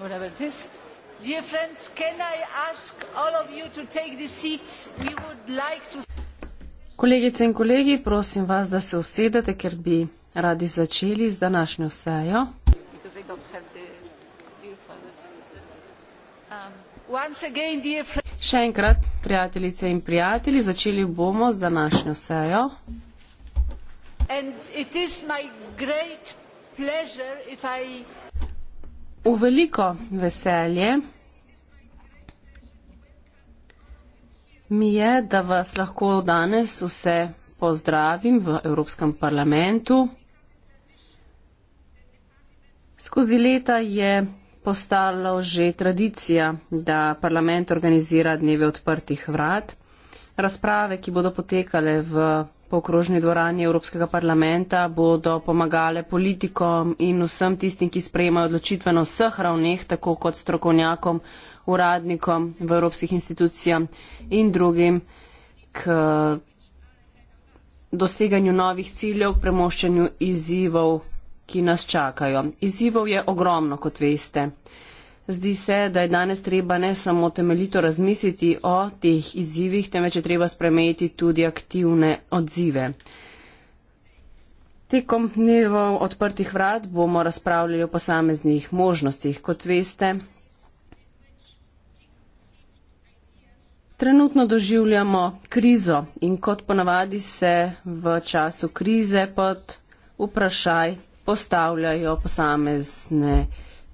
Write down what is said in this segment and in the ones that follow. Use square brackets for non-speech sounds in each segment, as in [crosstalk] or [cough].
whatever it is. dear friends can i ask all of you to take the seats we would like to. kolegice in kolegi prosim vas da se usedete ker bi radi začeli z današnjo sejo. Um, Še enkrat, prijateljice in prijatelji, začeli bomo z današnjo sejo. In je moja velika čast, če v veliko veselje mi je, da vas lahko danes vse pozdravim v Evropskem parlamentu. Skozi leta je postalo že tradicija, da parlament organizira dneve odprtih vrat. Razprave, ki bodo potekale v po okrožni dvorani Evropskega parlamenta bodo pomagale politikom in vsem tistim, ki sprejemajo odločitve na vseh ravneh, tako kot strokovnjakom, uradnikom v evropskih institucijah in drugim k doseganju novih ciljev, k premoščanju izzivov, ki nas čakajo. Izzivov je ogromno, kot veste. Zdi se, da je danes treba ne samo temeljito razmisliti o teh izzivih, temveč je treba spremeniti tudi aktivne odzive. Tekom dnevov odprtih vrat bomo razpravljali o posameznih možnostih, kot veste. Trenutno doživljamo krizo in kot ponavadi se v času krize pod vprašaj postavljajo posamezne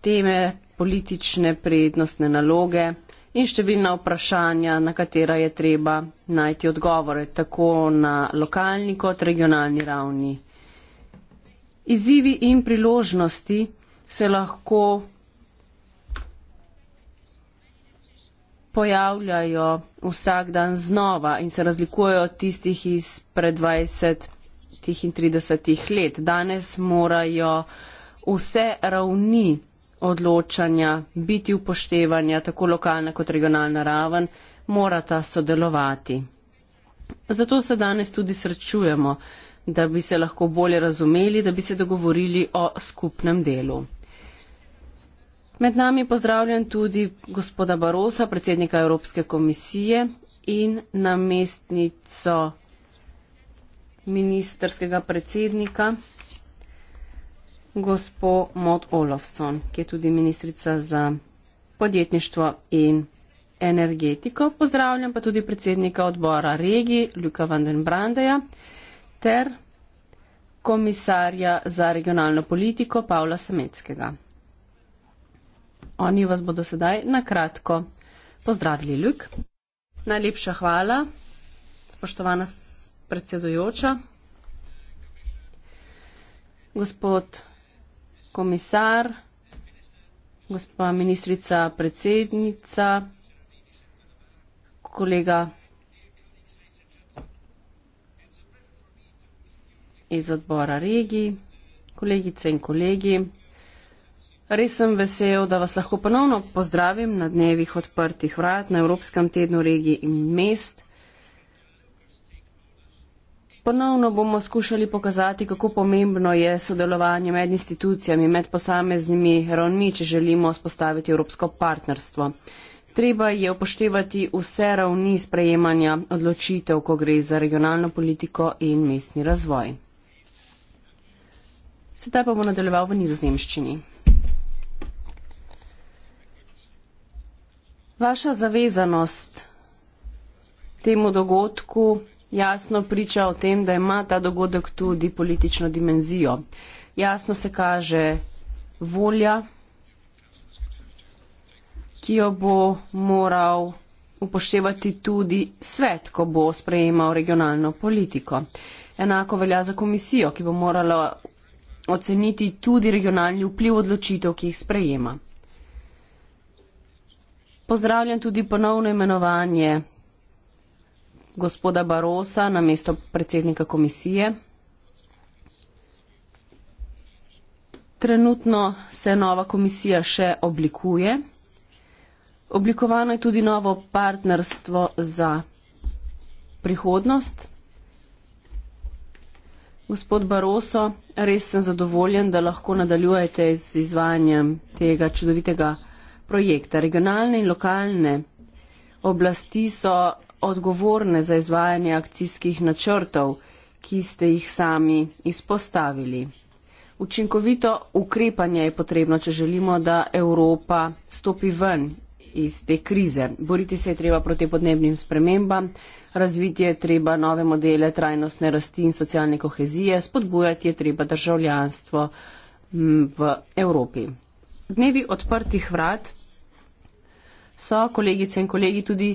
teme, politične prednostne naloge in številna vprašanja, na katera je treba najti odgovore, tako na lokalni kot regionalni ravni. Izzivi in priložnosti se lahko pojavljajo vsak dan znova in se razlikujejo od tistih iz pred 20 in 30 let. Danes morajo vse ravni odločanja, biti upoštevanja, tako lokalna kot regionalna raven, morata sodelovati. Zato se danes tudi srečujemo, da bi se lahko bolje razumeli, da bi se dogovorili o skupnem delu. Med nami pozdravljam tudi gospoda Barosa, predsednika Evropske komisije in namestnico ministerskega predsednika gospo Mod Olofsson, ki je tudi ministrica za podjetništvo in energetiko. Pozdravljam pa tudi predsednika odbora regij Ljuka van den Brandeja ter komisarja za regionalno politiko Pavla Semeckega. Oni vas bodo sedaj na kratko pozdravili, Ljuk. Najlepša hvala, spoštovana predsedujoča. Gospod komisar, gospa ministrica, predsednica, kolega iz odbora regij, kolegice in kolegi. Res sem vesel, da vas lahko ponovno pozdravim na dnevih odprtih vrat na Evropskem tednu regij in mest. Ponovno bomo skušali pokazati, kako pomembno je sodelovanje med institucijami, med posameznimi ravni, če želimo spostaviti evropsko partnerstvo. Treba je upoštevati vse ravni sprejemanja odločitev, ko gre za regionalno politiko in mestni razvoj. Sedaj pa bomo nadaljeval v nizozemščini. Vaša zavezanost temu dogodku jasno priča o tem, da ima ta dogodek tudi politično dimenzijo. Jasno se kaže volja, ki jo bo moral upoštevati tudi svet, ko bo sprejemal regionalno politiko. Enako velja za komisijo, ki bo morala oceniti tudi regionalni vpliv odločitev, ki jih sprejema. Pozdravljam tudi ponovno imenovanje gospoda Barosa na mesto predsednika komisije. Trenutno se nova komisija še oblikuje. Oblikovano je tudi novo partnerstvo za prihodnost. Gospod Baroso, res sem zadovoljen, da lahko nadaljujete z izvajanjem tega čudovitega projekta. Regionalne in lokalne oblasti so odgovorne za izvajanje akcijskih načrtov, ki ste jih sami izpostavili. Učinkovito ukrepanje je potrebno, če želimo, da Evropa stopi ven iz te krize. Boriti se je treba proti podnebnim spremembam, razviti je treba nove modele trajnostne rasti in socialne kohezije, spodbujati je treba državljanstvo v Evropi. Dnevi odprtih vrat so kolegice in kolegi tudi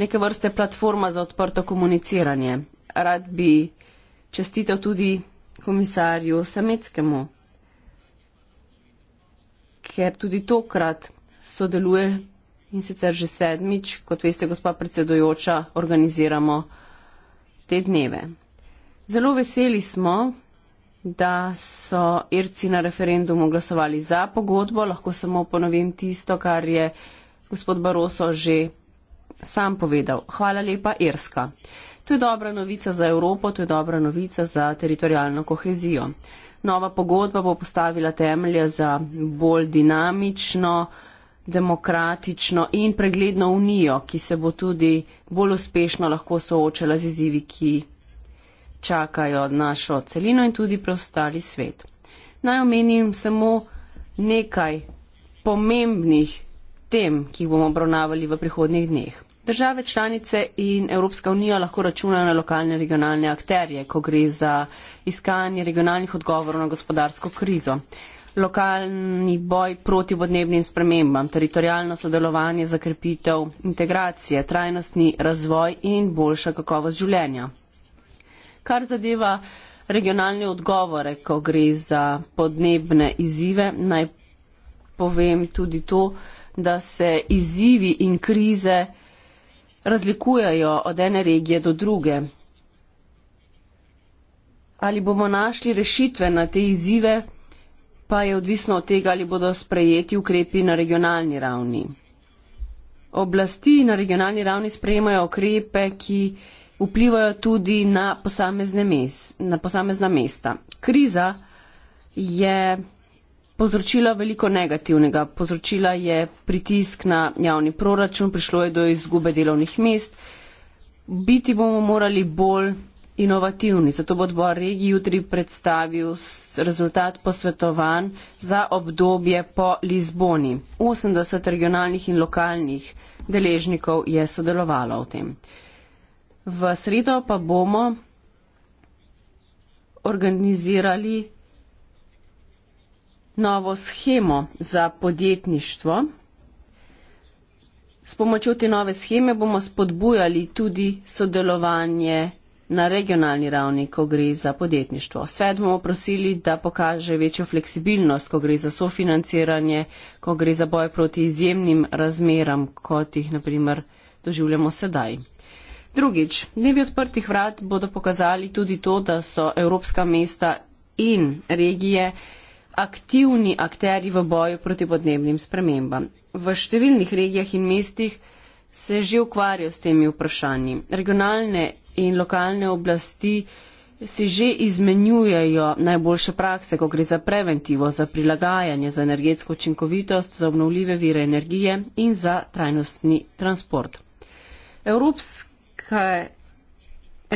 neke vrste platforma za odprto komuniciranje. Rad bi čestitev tudi komisarju Sametskemu, ker tudi tokrat sodeluje in sicer že sedmič, kot veste, gospa predsedojoča, organiziramo te dneve. Zelo veseli smo, da so Irci na referendumu glasovali za pogodbo. Lahko samo ponovim tisto, kar je gospod Baroso že sam povedal. Hvala lepa, Irska. To je dobra novica za Evropo, to je dobra novica za teritorijalno kohezijo. Nova pogodba bo postavila temelje za bolj dinamično, demokratično in pregledno unijo, ki se bo tudi bolj uspešno lahko soočala z izzivi, ki čakajo našo celino in tudi preostali svet. Naj omenim samo nekaj pomembnih tem, ki jih bomo obravnavali v prihodnjih dneh. Države članice in Evropska unija lahko računajo na lokalne regionalne akterje, ko gre za iskanje regionalnih odgovorov na gospodarsko krizo. Lokalni boj proti podnebnim spremembam, teritorijalno sodelovanje za krepitev integracije, trajnostni razvoj in boljša kakovost življenja. Kar zadeva regionalne odgovore, ko gre za podnebne izzive, naj povem tudi to, da se izzivi in krize razlikujejo od ene regije do druge? Ali bomo našli rešitve na te izzive, pa je odvisno od tega, ali bodo sprejeti ukrepi na regionalni ravni. Oblasti na regionalni ravni sprejemajo ukrepe, ki vplivajo tudi na posamezne, mes, na posamezne mesta. Kriza je povzročila veliko negativnega. Povzročila je pritisk na javni proračun, prišlo je do izgube delovnih mest. Biti bomo morali bolj inovativni, zato bo odbor regij jutri predstavil rezultat posvetovanj za obdobje po Lizboni. 80 regionalnih in lokalnih deležnikov je sodelovalo v tem. V sredo pa bomo organizirali novo schemo za podjetništvo. S pomočjo te nove scheme bomo spodbujali tudi sodelovanje na regionalni ravni, ko gre za podjetništvo. Svet bomo prosili, da pokaže večjo fleksibilnost, ko gre za sofinanciranje, ko gre za boj proti izjemnim razmeram, kot jih naprimer doživljamo sedaj. Drugič, dnevi odprtih vrat bodo pokazali tudi to, da so evropska mesta in regije aktivni akteri v boju proti podnebnim spremembam. V številnih regijah in mestih se že ukvarjajo s temi vprašanji. Regionalne in lokalne oblasti si že izmenjujejo najboljše prakse, ko gre za preventivo, za prilagajanje, za energetsko učinkovitost, za obnovljive vire energije in za trajnostni transport. Evropske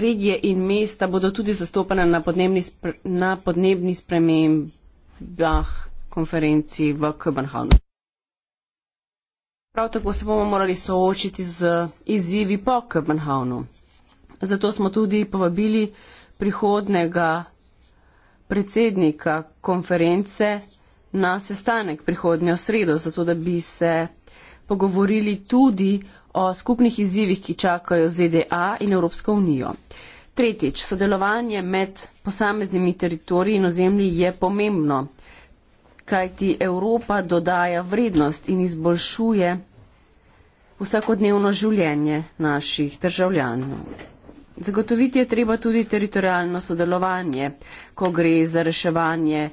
regije in mesta bodo tudi zastopane na podnebni, spre, na podnebni spremembi Dah konferenci v Kobenhavnu. Prav tako se bomo morali soočiti z izzivi po Kobenhavnu. Zato smo tudi povabili prihodnega predsednika konference na sestanek prihodnjo sredo, zato da bi se pogovorili tudi o skupnih izzivih, ki čakajo ZDA in Evropsko unijo. Uh, Tretjič, sodelovanje med posameznimi teritoriji in ozemlji je pomembno, kajti Evropa dodaja vrednost in izboljšuje vsakodnevno življenje naših državljanov. Zagotoviti je treba tudi teritorijalno sodelovanje, ko gre za reševanje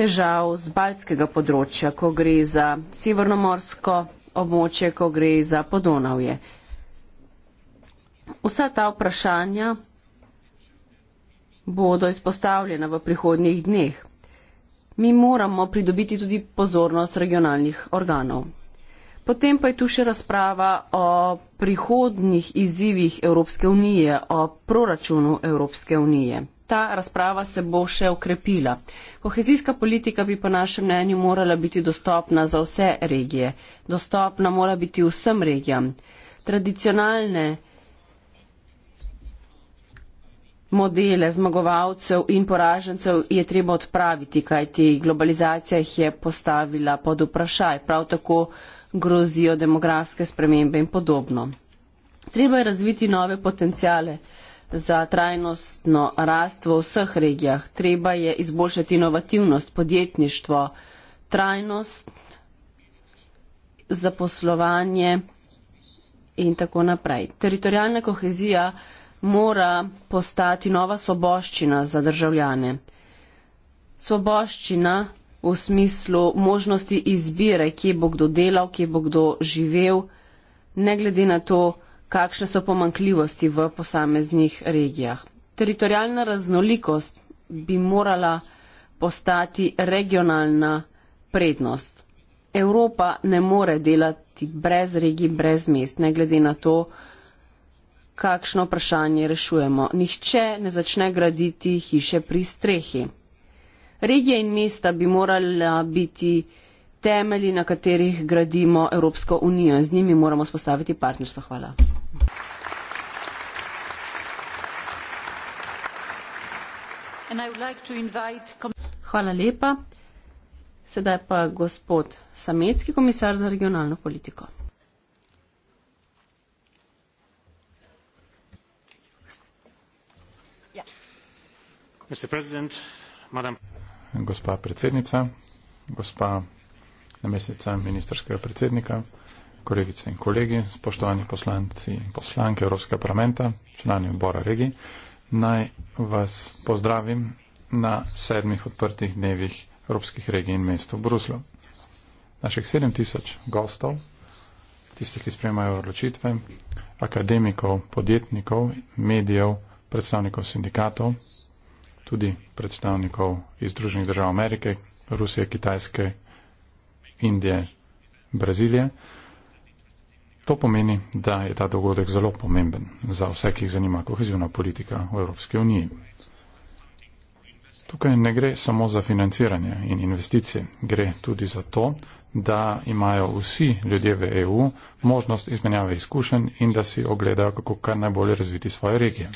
težav z baljskega področja, ko gre za severnomorsko območje, ko gre za podonavje. Vsa ta vprašanja bodo izpostavljena v prihodnjih dneh. Mi moramo pridobiti tudi pozornost regionalnih organov. Potem pa je tu še razprava o prihodnih izzivih Evropske unije, o proračunu Evropske unije. Ta razprava se bo še okrepila. Kohezijska politika bi po našem mnenju morala biti dostopna za vse regije. Dostopna mora biti vsem regijam. Tradicionalne regije modele zmagovalcev in poražencev je treba odpraviti, kajti globalizacija jih je postavila pod vprašaj. Prav tako grozijo demografske spremembe in podobno. Treba je razviti nove potencijale za trajnostno rast v vseh regijah. Treba je izboljšati inovativnost, podjetništvo, trajnost, zaposlovanje in tako naprej. Teritorijalna kohezija mora postati nova svoboščina za državljane. Svoboščina v smislu možnosti izbire, kje bo kdo delal, kje bo kdo živel, ne glede na to, kakšne so pomankljivosti v posameznih regijah. Teritorijalna raznolikost bi morala postati regionalna prednost. Evropa ne more delati brez regij, brez mest, ne glede na to, kakšno vprašanje rešujemo. Nihče ne začne graditi hiše pri strehi. Regije in mesta bi morala biti temelji, na katerih gradimo Evropsko unijo. Z njimi moramo spostaviti partnerstvo. Hvala. Hvala lepa. Sedaj pa gospod Samecki, komisar za regionalno politiko. gospa predsednica, gospa namestnica ministerskega predsednika, kolegice in kolegi, spoštovani poslanci in poslanke Evropskega parlamenta, člani odbora regij, naj vas pozdravim na sedmih odprtih dnevih Evropskih regij in mestu v Bruslu. Naših 7000 gostov, tistih, ki spremajo odločitve, akademikov, podjetnikov, medijev, predstavnikov sindikatov, tudi predstavnikov iz Združenih držav Amerike, Rusije, Kitajske, Indije, Brazilije. To pomeni, da je ta dogodek zelo pomemben za vse, ki jih zanima kohezivna politika v Evropski uniji. Tukaj ne gre samo za financiranje in investicije, gre tudi za to, da imajo vsi ljudje v EU možnost izmenjave izkušenj in da si ogledajo, kako kar najbolje razviti svoje regije.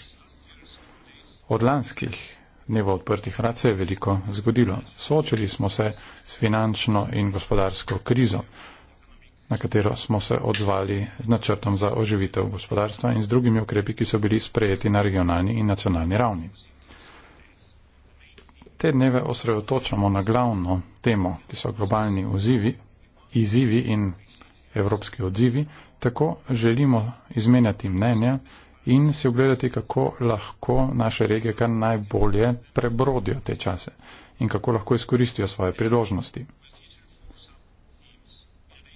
Od lanskih dneva odprtih vrat se je veliko zgodilo. Soočili smo se s finančno in gospodarsko krizo, na katero smo se odzvali z načrtom za oživitev gospodarstva in z drugimi ukrepi, ki so bili sprejeti na regionalni in nacionalni ravni. Te dneve osredotočamo na glavno temo, ki so globalni ozivi, izzivi in evropski odzivi, tako želimo izmenjati mnenja, in si ogledati, kako lahko naše regije kar najbolje prebrodijo te čase in kako lahko izkoristijo svoje priložnosti.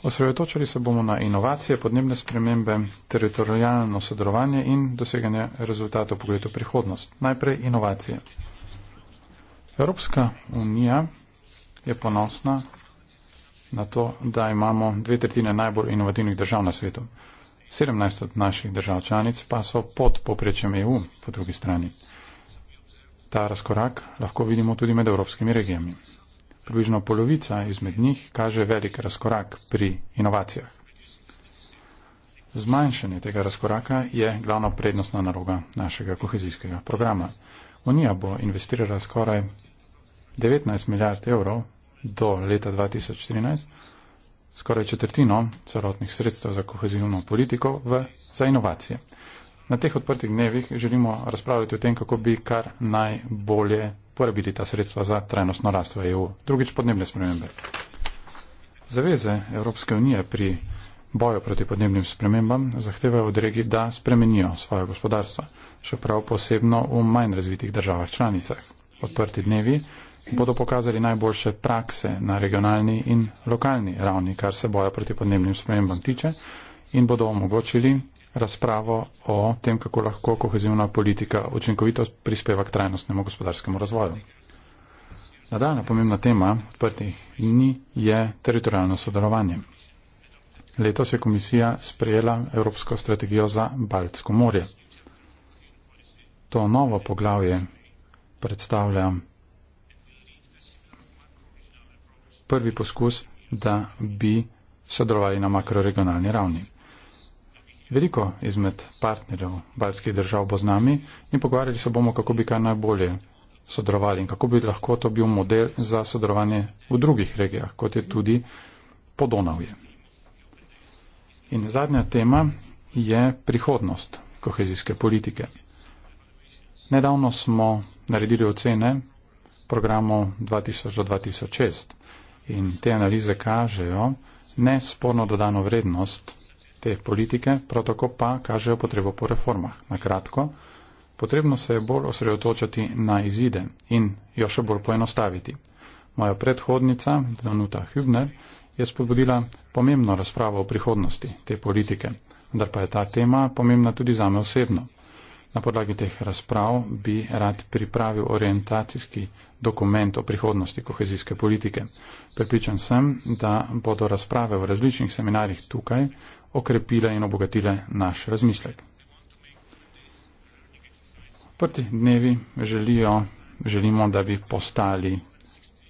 Osredotočali se bomo na inovacije, podnebne spremembe, teritorijalno sodelovanje in doseganje rezultatov pogledu prihodnost. Najprej inovacije. Evropska unija je ponosna na to, da imamo dve tretjine najbolj inovativnih držav na svetu. 17 od naših držav članic pa so pod poprečjem EU po drugi strani. Ta razkorak lahko vidimo tudi med evropskimi regijami. Približno polovica izmed njih kaže velik razkorak pri inovacijah. Zmanjšanje tega razkoraka je glavna prednostna naloga našega kohezijskega programa. Unija bo investirala skoraj 19 milijard evrov do leta 2014 skoraj četrtino celotnih sredstev za kohezivno politiko v, za inovacije. Na teh odprtih dnevih želimo razpravljati o tem, kako bi kar najbolje porabili ta sredstva za trajnostno rast v EU. Drugič podnebne spremembe. Zaveze Evropske unije pri boju proti podnebnim spremembam zahtevajo od regij, da spremenijo svoje gospodarstvo, še prav posebno v manj razvitih državah članicah. Odprti dnevi bodo pokazali najboljše prakse na regionalni in lokalni ravni, kar se boja proti podnebnim spremembam tiče in bodo omogočili razpravo o tem, kako lahko kohezivna politika učinkovito prispeva k trajnostnemu gospodarskemu razvoju. Nadaljna pomembna tema odprtih dni je teritorijalno sodelovanje. Letos je komisija sprejela Evropsko strategijo za Baltsko morje. To novo poglavje predstavlja prvi poskus, da bi sodelovali na makroregionalni ravni. Veliko izmed partnerjev baljskih držav bo z nami in pogovarjali se bomo, kako bi kar najbolje sodelovali in kako bi lahko to bil model za sodelovanje v drugih regijah, kot je tudi Podonavje. In zadnja tema je prihodnost kohezijske politike. Nedavno smo naredili ocene programov 2000 do 2006 in te analize kažejo nesporno dodano vrednost te politike, prav tako pa kažejo potrebo po reformah. Na kratko, potrebno se je bolj osredotočati na izide in jo še bolj poenostaviti. Moja predhodnica, Danuta Hübner, je spodbudila pomembno razpravo o prihodnosti te politike, vendar pa je ta tema pomembna tudi zame osebno. Na podlagi teh razprav bi rad pripravil orientacijski dokument o prihodnosti kohezijske politike. Prepričan sem, da bodo razprave v različnih seminarjih tukaj okrepile in obogatile naš razmislek. Prti dnevi želijo, želimo, da bi postali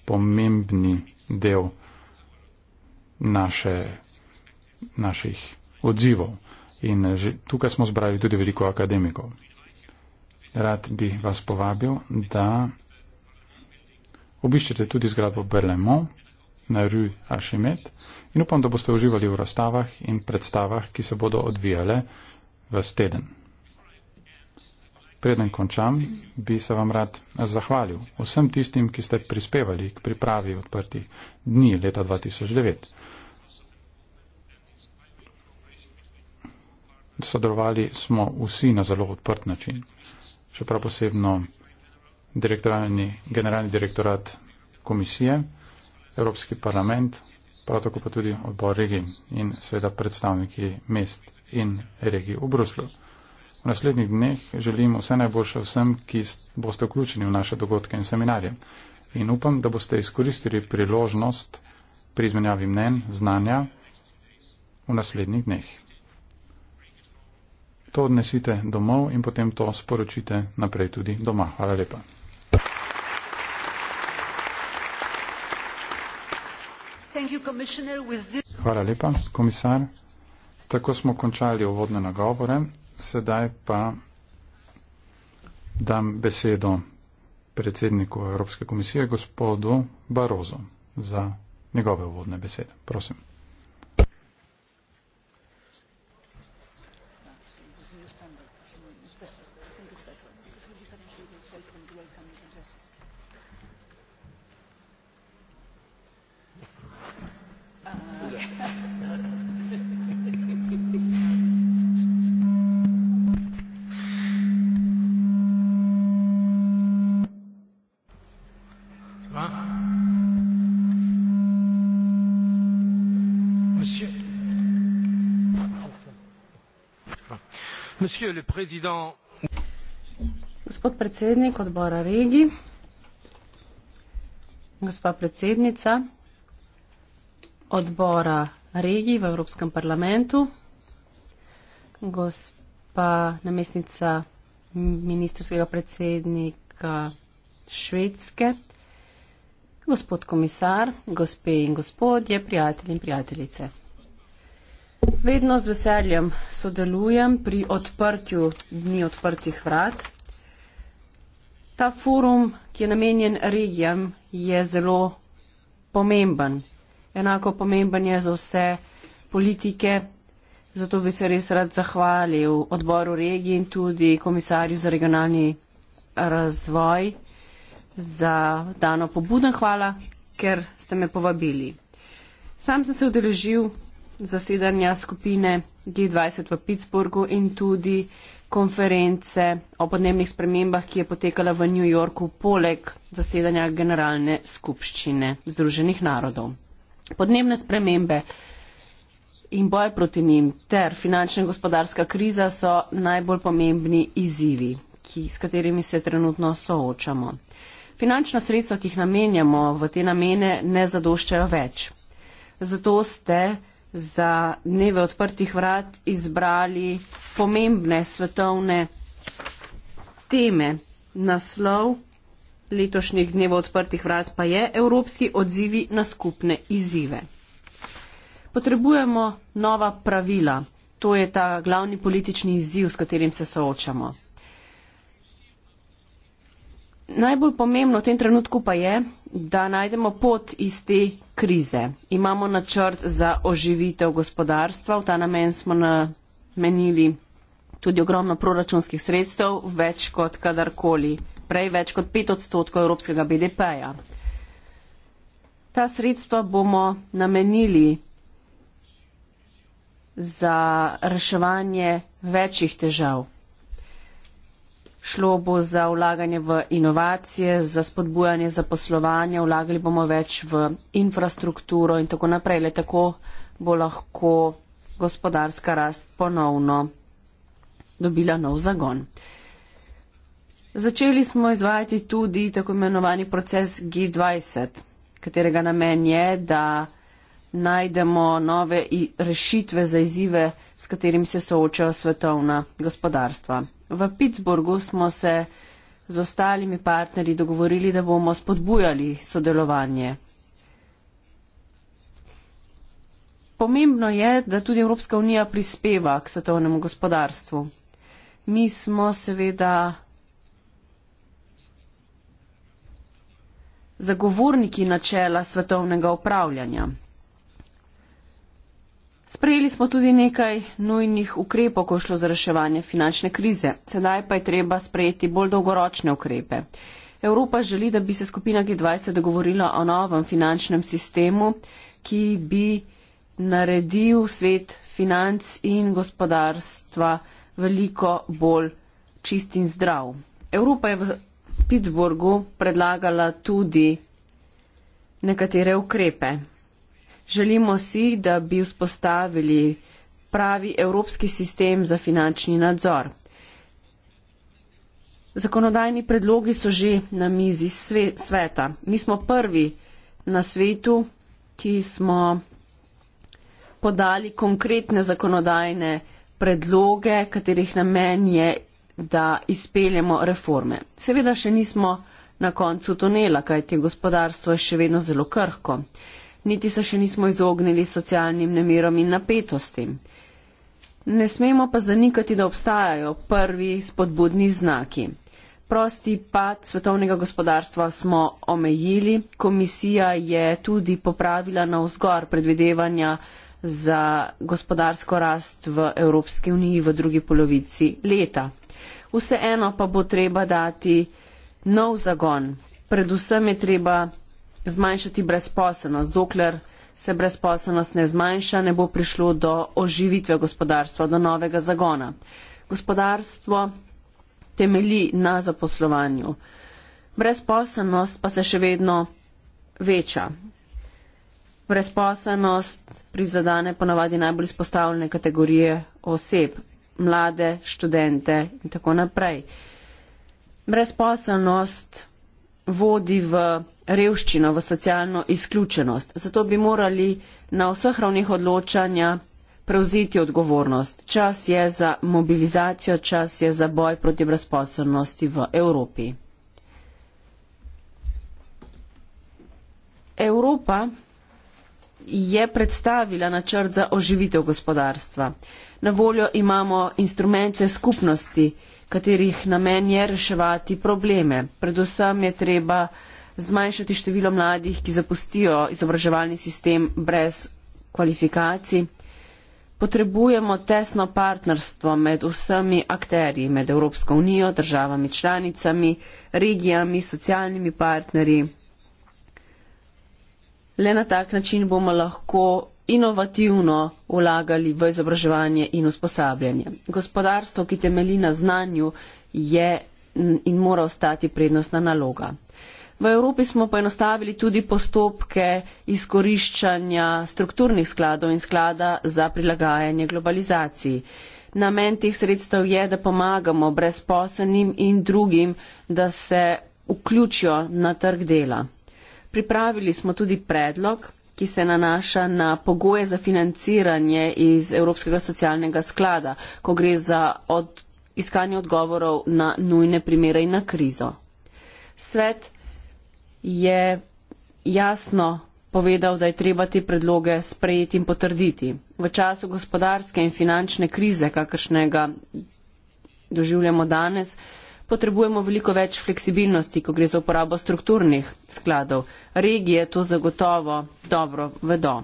pomembni del naše, naših odzivov. In že, tukaj smo zbrali tudi veliko akademikov rad bi vas povabil, da obiščete tudi zgradbo Berlemo na Rue Achimet in upam, da boste uživali v razstavah in predstavah, ki se bodo odvijale v steden. Preden končam, bi se vam rad zahvalil vsem tistim, ki ste prispevali k pripravi odprtih dni leta 2009. Sodelovali smo vsi na zelo odprt način še prav posebno generalni direktorat komisije, Evropski parlament, prav tako pa tudi odbor regij in seveda predstavniki mest in regij v Bruslu. V naslednjih dneh želim vse najboljše vsem, ki boste vključeni v naše dogodke in seminarje. In upam, da boste izkoristili priložnost pri izmenjavi mnen, znanja v naslednjih dneh to odnesite domov in potem to sporočite naprej tudi doma. Hvala lepa. Hvala lepa, komisar. Tako smo končali uvodne nagovore. Sedaj pa dam besedo predsedniku Evropske komisije, gospodu Barozo, za njegove uvodne besede. Prosim. Gospod predsednik odbora regij, gospa predsednica odbora regij v Evropskem parlamentu, gospa namestnica ministrskega predsednika Švedske, gospod komisar, gospe in gospodje, prijatelji in prijateljice. Vedno z veseljem sodelujem pri odprtju dni odprtih vrat. Ta forum, ki je namenjen regijam, je zelo pomemben. Enako pomemben je za vse politike, zato bi se res rad zahvalil odboru regij in tudi komisarju za regionalni razvoj za dano pobudo. Hvala, ker ste me povabili. Sam sem se udeležil zasedanja skupine G20 v Pittsburghu in tudi konference o podnebnih spremembah, ki je potekala v New Yorku poleg zasedanja Generalne skupščine Združenih narodov. Podnebne spremembe in boj proti njim ter finančna in gospodarska kriza so najbolj pomembni izzivi, ki, s katerimi se trenutno soočamo. Finančna sredstva, ki jih namenjamo v te namene, ne zadoščajo več. Zato ste za dneve odprtih vrat izbrali pomembne svetovne teme. Naslov letošnjih dnev odprtih vrat pa je Evropski odzivi na skupne izzive. Potrebujemo nova pravila. To je ta glavni politični izziv, s katerim se soočamo najbolj pomembno v tem trenutku pa je, da najdemo pot iz te krize. Imamo načrt za oživitev gospodarstva, v ta namen smo namenili tudi ogromno proračunskih sredstev, več kot kadarkoli, prej več kot 5 odstotkov evropskega BDP-ja. Ta sredstva bomo namenili za reševanje večjih težav, Šlo bo za vlaganje v inovacije, za spodbujanje zaposlovanja, vlagali bomo več v infrastrukturo in tako naprej. Le tako bo lahko gospodarska rast ponovno dobila nov zagon. Začeli smo izvajati tudi tako imenovani proces G20, katerega namen je, da najdemo nove rešitve za izzive, s katerim se soočajo svetovna gospodarstva. V Pittsburghu smo se z ostalimi partnerji dogovorili, da bomo spodbujali sodelovanje. Pomembno je, da tudi Evropska unija prispeva k svetovnemu gospodarstvu. Mi smo seveda zagovorniki načela svetovnega upravljanja. Sprejeli smo tudi nekaj nujnih ukrepov, ko šlo za reševanje finančne krize. Sedaj pa je treba sprejeti bolj dolgoročne ukrepe. Evropa želi, da bi se skupina G20 dogovorila o novem finančnem sistemu, ki bi naredil svet financ in gospodarstva veliko bolj čist in zdrav. Evropa je v Pittsburghu predlagala tudi nekatere ukrepe. Želimo si, da bi vzpostavili pravi evropski sistem za finančni nadzor. Zakonodajni predlogi so že na mizi sveta. Mi smo prvi na svetu, ki smo podali konkretne zakonodajne predloge, katerih namen je, da izpeljemo reforme. Seveda še nismo na koncu tunela, kajti gospodarstvo je še vedno zelo krhko niti se še nismo izognili socialnim nemirom in napetostim. Ne smemo pa zanikati, da obstajajo prvi spodbudni znaki. Prosti pad svetovnega gospodarstva smo omejili, komisija je tudi popravila na vzgor predvidevanja za gospodarsko rast v Evropski uniji v drugi polovici leta. Vseeno pa bo treba dati nov zagon. Predvsem je treba zmanjšati brezposelnost. Dokler se brezposelnost ne zmanjša, ne bo prišlo do oživitve gospodarstva, do novega zagona. Gospodarstvo temelji na zaposlovanju. Brezposelnost pa se še vedno veča. Brezposelnost prizadane ponavadi najbolj izpostavljene kategorije oseb, mlade, študente in tako naprej. Brezposelnost vodi v revščino, v socialno izključenost. Zato bi morali na vseh ravnih odločanja prevzeti odgovornost. Čas je za mobilizacijo, čas je za boj proti brezposobnosti v Evropi. Evropa je predstavila načrt za oživitev gospodarstva. Na voljo imamo instrumente skupnosti, katerih namen je reševati probleme. Predvsem je treba zmanjšati število mladih, ki zapustijo izobraževalni sistem brez kvalifikacij. Potrebujemo tesno partnerstvo med vsemi akterji, med Evropsko unijo, državami članicami, regijami, socialnimi partnerji. Le na tak način bomo lahko inovativno vlagali v izobraževanje in usposabljanje. Gospodarstvo, ki temeli na znanju, je in mora ostati prednostna naloga. V Evropi smo poenostavili tudi postopke izkoriščanja strukturnih skladov in sklada za prilagajanje globalizaciji. Namen teh sredstev je, da pomagamo brezposelnim in drugim, da se vključijo na trg dela. Pripravili smo tudi predlog, ki se nanaša na pogoje za financiranje iz Evropskega socialnega sklada, ko gre za od, iskanje odgovorov na nujne primere in na krizo. Svet je jasno povedal, da je treba te predloge sprejeti in potrditi. V času gospodarske in finančne krize, kakršnega doživljamo danes, potrebujemo veliko več fleksibilnosti, ko gre za uporabo strukturnih skladov. Regije to zagotovo dobro vedo.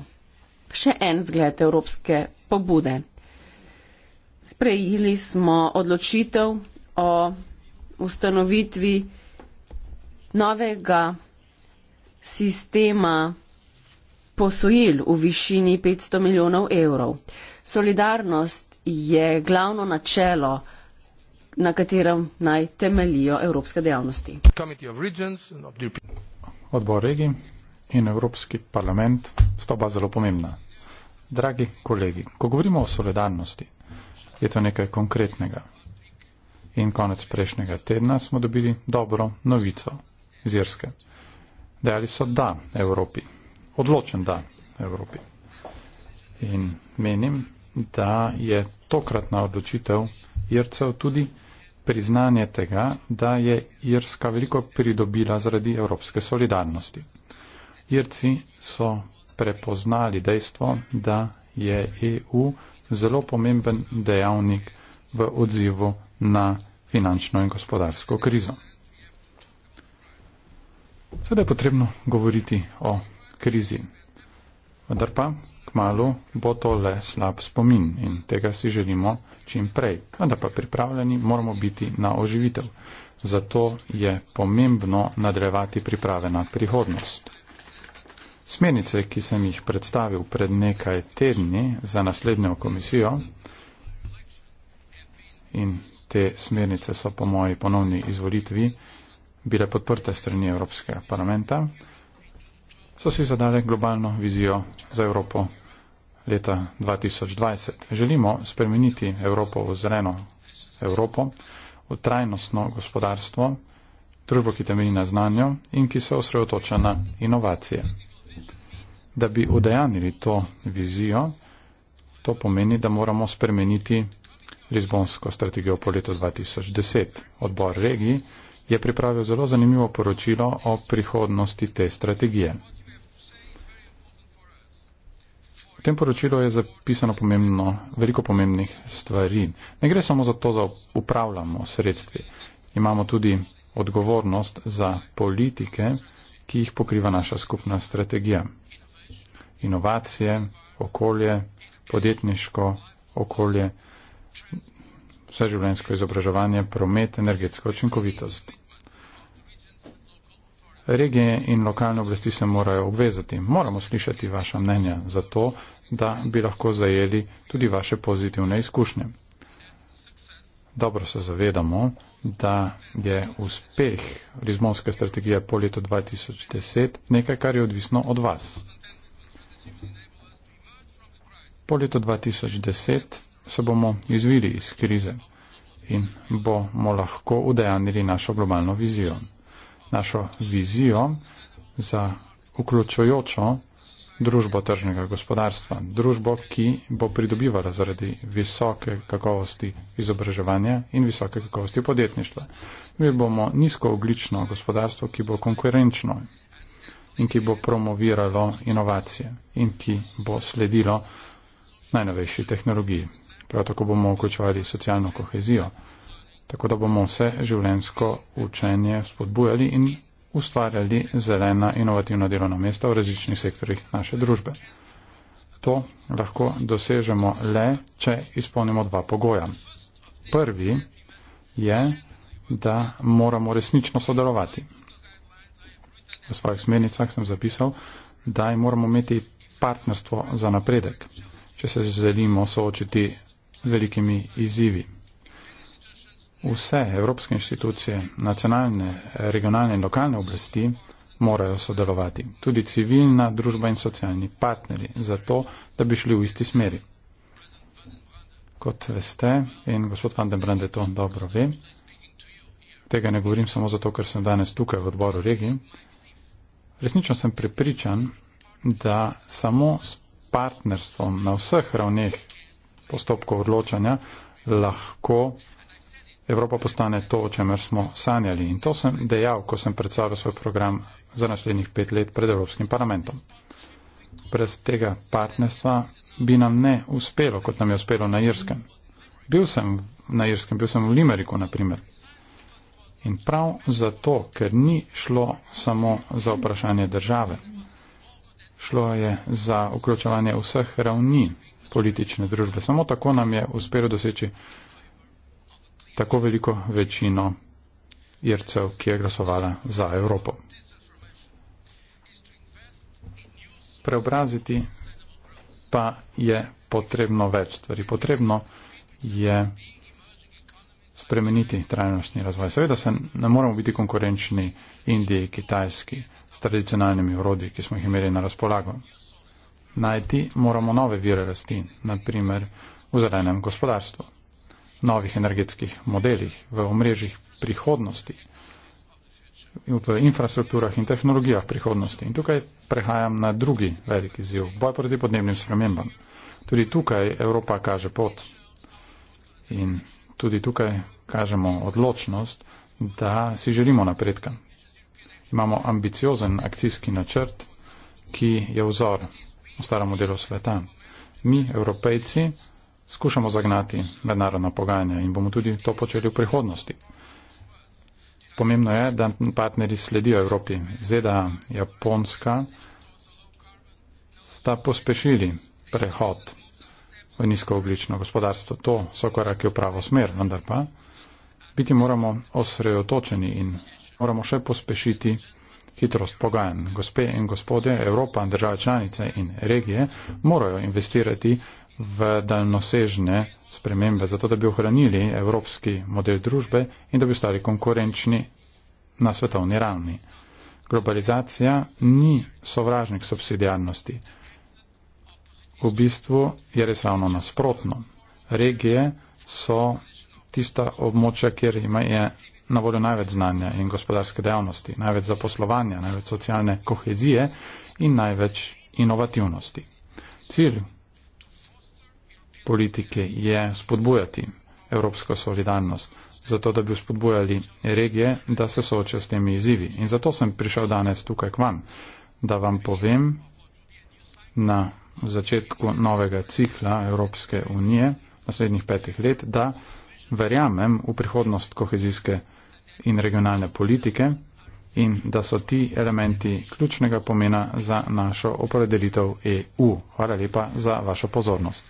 Še en zgled evropske pobude. Sprejeli smo odločitev o ustanovitvi novega sistema posojil v višini 500 milijonov evrov. Solidarnost je glavno načelo, na katerem naj temelijo evropske dejavnosti. Odbor regij in Evropski parlament sta oba zelo pomembna. Dragi kolegi, ko govorimo o solidarnosti, je to nekaj konkretnega. In konec prejšnjega tedna smo dobili dobro novico iz Irske. Dejali so da Evropi, odločen da Evropi. In menim, da je tokratna odločitev Ircev tudi priznanje tega, da je Irska veliko pridobila zaradi evropske solidarnosti. Irci so prepoznali dejstvo, da je EU zelo pomemben dejavnik v odzivu na finančno in gospodarsko krizo. Sedaj je potrebno govoriti o krizi. Vendar pa kmalo bo to le slab spomin in tega si želimo čim prej. Kada pa pripravljeni moramo biti na oživitev. Zato je pomembno nadrevati priprave na prihodnost. Smernice, ki sem jih predstavil pred nekaj tedni za naslednjo komisijo in te smernice so po moji ponovni izvolitvi, bile podprte strani Evropskega parlamenta, so si zadale globalno vizijo za Evropo leta 2020. Želimo spremeniti Evropo v zeleno Evropo, v trajnostno gospodarstvo, družbo, ki temelji na znanju in ki se osredotoča na inovacije. Da bi udejanili to vizijo, to pomeni, da moramo spremeniti Lizbonsko strategijo po letu 2010. Odbor regiji je pripravil zelo zanimivo poročilo o prihodnosti te strategije. V tem poročilu je zapisano pomembno, veliko pomembnih stvari. Ne gre samo za to, da upravljamo sredstvi. Imamo tudi odgovornost za politike, ki jih pokriva naša skupna strategija. Inovacije, okolje, podjetniško okolje vse življensko izobraževanje, promet, energetsko očinkovitost. Regije in lokalne oblasti se morajo obvezati. Moramo slišati vaša mnenja za to, da bi lahko zajeli tudi vaše pozitivne izkušnje. Dobro se zavedamo, da je uspeh Lizbonske strategije po letu 2010 nekaj, kar je odvisno od vas. Po letu 2010 se bomo izvili iz krize in bomo lahko udejanili našo globalno vizijo. Našo vizijo za vključujočo družbo tržnega gospodarstva, družbo, ki bo pridobivala zaradi visoke kakovosti izobraževanja in visoke kakovosti podjetništva. Mi bomo nizkooglično gospodarstvo, ki bo konkurenčno in ki bo promoviralo inovacije in ki bo sledilo najnovejši tehnologiji. Prav tako bomo vključovali socialno kohezijo. Tako da bomo vse življensko učenje spodbujali in ustvarjali zelena inovativna delovna mesta v različnih sektorjih naše družbe. To lahko dosežemo le, če izpolnimo dva pogoja. Prvi je, da moramo resnično sodelovati. V svojih smernicah sem zapisal, da moramo imeti partnerstvo za napredek. Če se želimo soočiti velikimi izzivi. Vse evropske inštitucije, nacionalne, regionalne in lokalne oblasti morajo sodelovati, tudi civilna družba in socialni partnerji, zato, da bi šli v isti smeri. Kot veste, in gospod Van den Brande to dobro ve, tega ne govorim samo zato, ker sem danes tukaj v odboru regij, resnično sem prepričan, da samo s partnerstvom na vseh ravneh postopkov odločanja, lahko Evropa postane to, o čemer smo sanjali. In to sem dejal, ko sem predstavil svoj program za naslednjih pet let pred Evropskim parlamentom. Brez tega partnerstva bi nam ne uspelo, kot nam je uspelo na Irskem. Bil sem na Irskem, bil sem v Limeriku, naprimer. In prav zato, ker ni šlo samo za vprašanje države, šlo je za vključevanje vseh ravnin politične družbe. Samo tako nam je uspelo doseči tako veliko večino Ircev, ki je glasovala za Evropo. Preobraziti pa je potrebno več stvari. Potrebno je spremeniti trajnostni razvoj. Seveda se ne moramo biti konkurenčni Indiji, Kitajski s tradicionalnimi urodji, ki smo jih imeli na razpolago. Najti moramo nove vire rasti, naprimer v zelenem gospodarstvu, novih energetskih modelih, v omrežjih prihodnosti, v infrastrukturah in tehnologijah prihodnosti. In tukaj prehajam na drugi veliki ziv, boj proti podnebnim spremembam. Tudi tukaj Evropa kaže pot in tudi tukaj kažemo odločnost, da si želimo napredka. Imamo ambiciozen akcijski načrt, ki je vzor v starem delu sveta. Mi, evropejci, skušamo zagnati mednarodna pogajanja in bomo tudi to počeli v prihodnosti. Pomembno je, da partneri sledijo Evropi. ZDA, Japonska sta pospešili prehod v nizkooglično gospodarstvo. To so korake v pravo smer, vendar pa biti moramo osredotočeni in moramo še pospešiti hitrost pogajanj. Gospe in gospodje, Evropa, države članice in regije morajo investirati v daljnosežne spremembe, zato da bi ohranili evropski model družbe in da bi ostali konkurenčni na svetovni ravni. Globalizacija ni sovražnik subsidijarnosti. V bistvu je res ravno nasprotno. Regije so tista območja, kjer ima je na voljo največ znanja in gospodarske dejavnosti, največ zaposlovanja, največ socialne kohezije in največ inovativnosti. Cilj politike je spodbujati evropsko solidarnost, zato da bi spodbujali regije, da se soočajo s temi izzivi. In zato sem prišel danes tukaj k vam, da vam povem na začetku novega cikla Evropske unije naslednjih petih let, da verjamem v prihodnost kohezijske politike in regionalne politike in da so ti elementi ključnega pomena za našo opredelitev EU. Hvala lepa za vašo pozornost.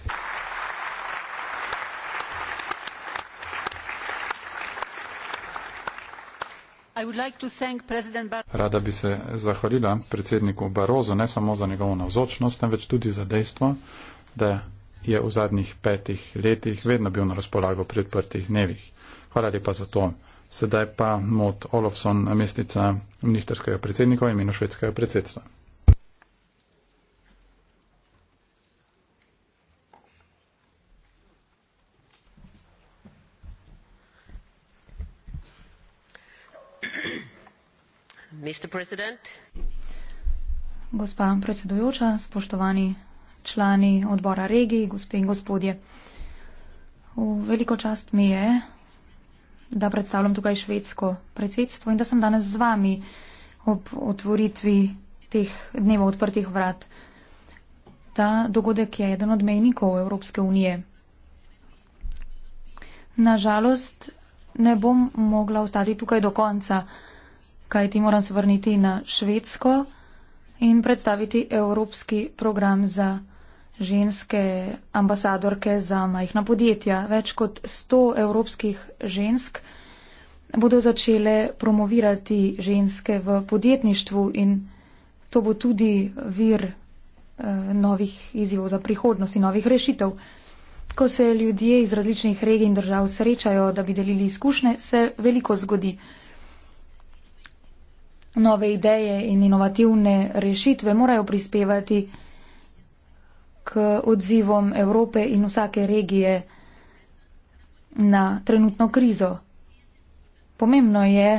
Rada bi se zahvalila predsedniku Barozu ne samo za njegovo navzočnost, temveč tudi za dejstvo, da je v zadnjih petih letih vedno bil na razpolago pri odprtih dnevih. Hvala lepa za to. Sedaj pa Mot Olofsson, mestnica ministerskega predsednika v imenu švedskega predsedstva. Gospa predsedujoča, spoštovani člani odbora regij, gospe in gospodje. Veliko čast mi je da predstavljam tukaj švedsko predsedstvo in da sem danes z vami ob otvoritvi teh dnevov odprtih vrat. Ta dogodek je eden od mejnikov Evropske unije. Nažalost, ne bom mogla ostati tukaj do konca, kajti moram se vrniti na švedsko in predstaviti Evropski program za ženske ambasadorke za majhna podjetja. Več kot 100 evropskih žensk bodo začele promovirati ženske v podjetništvu in to bo tudi vir eh, novih izzivov za prihodnost in novih rešitev. Ko se ljudje iz različnih regij in držav srečajo, da bi delili izkušnje, se veliko zgodi. Nove ideje in inovativne rešitve morajo prispevati k odzivom Evrope in vsake regije na trenutno krizo. Pomembno je,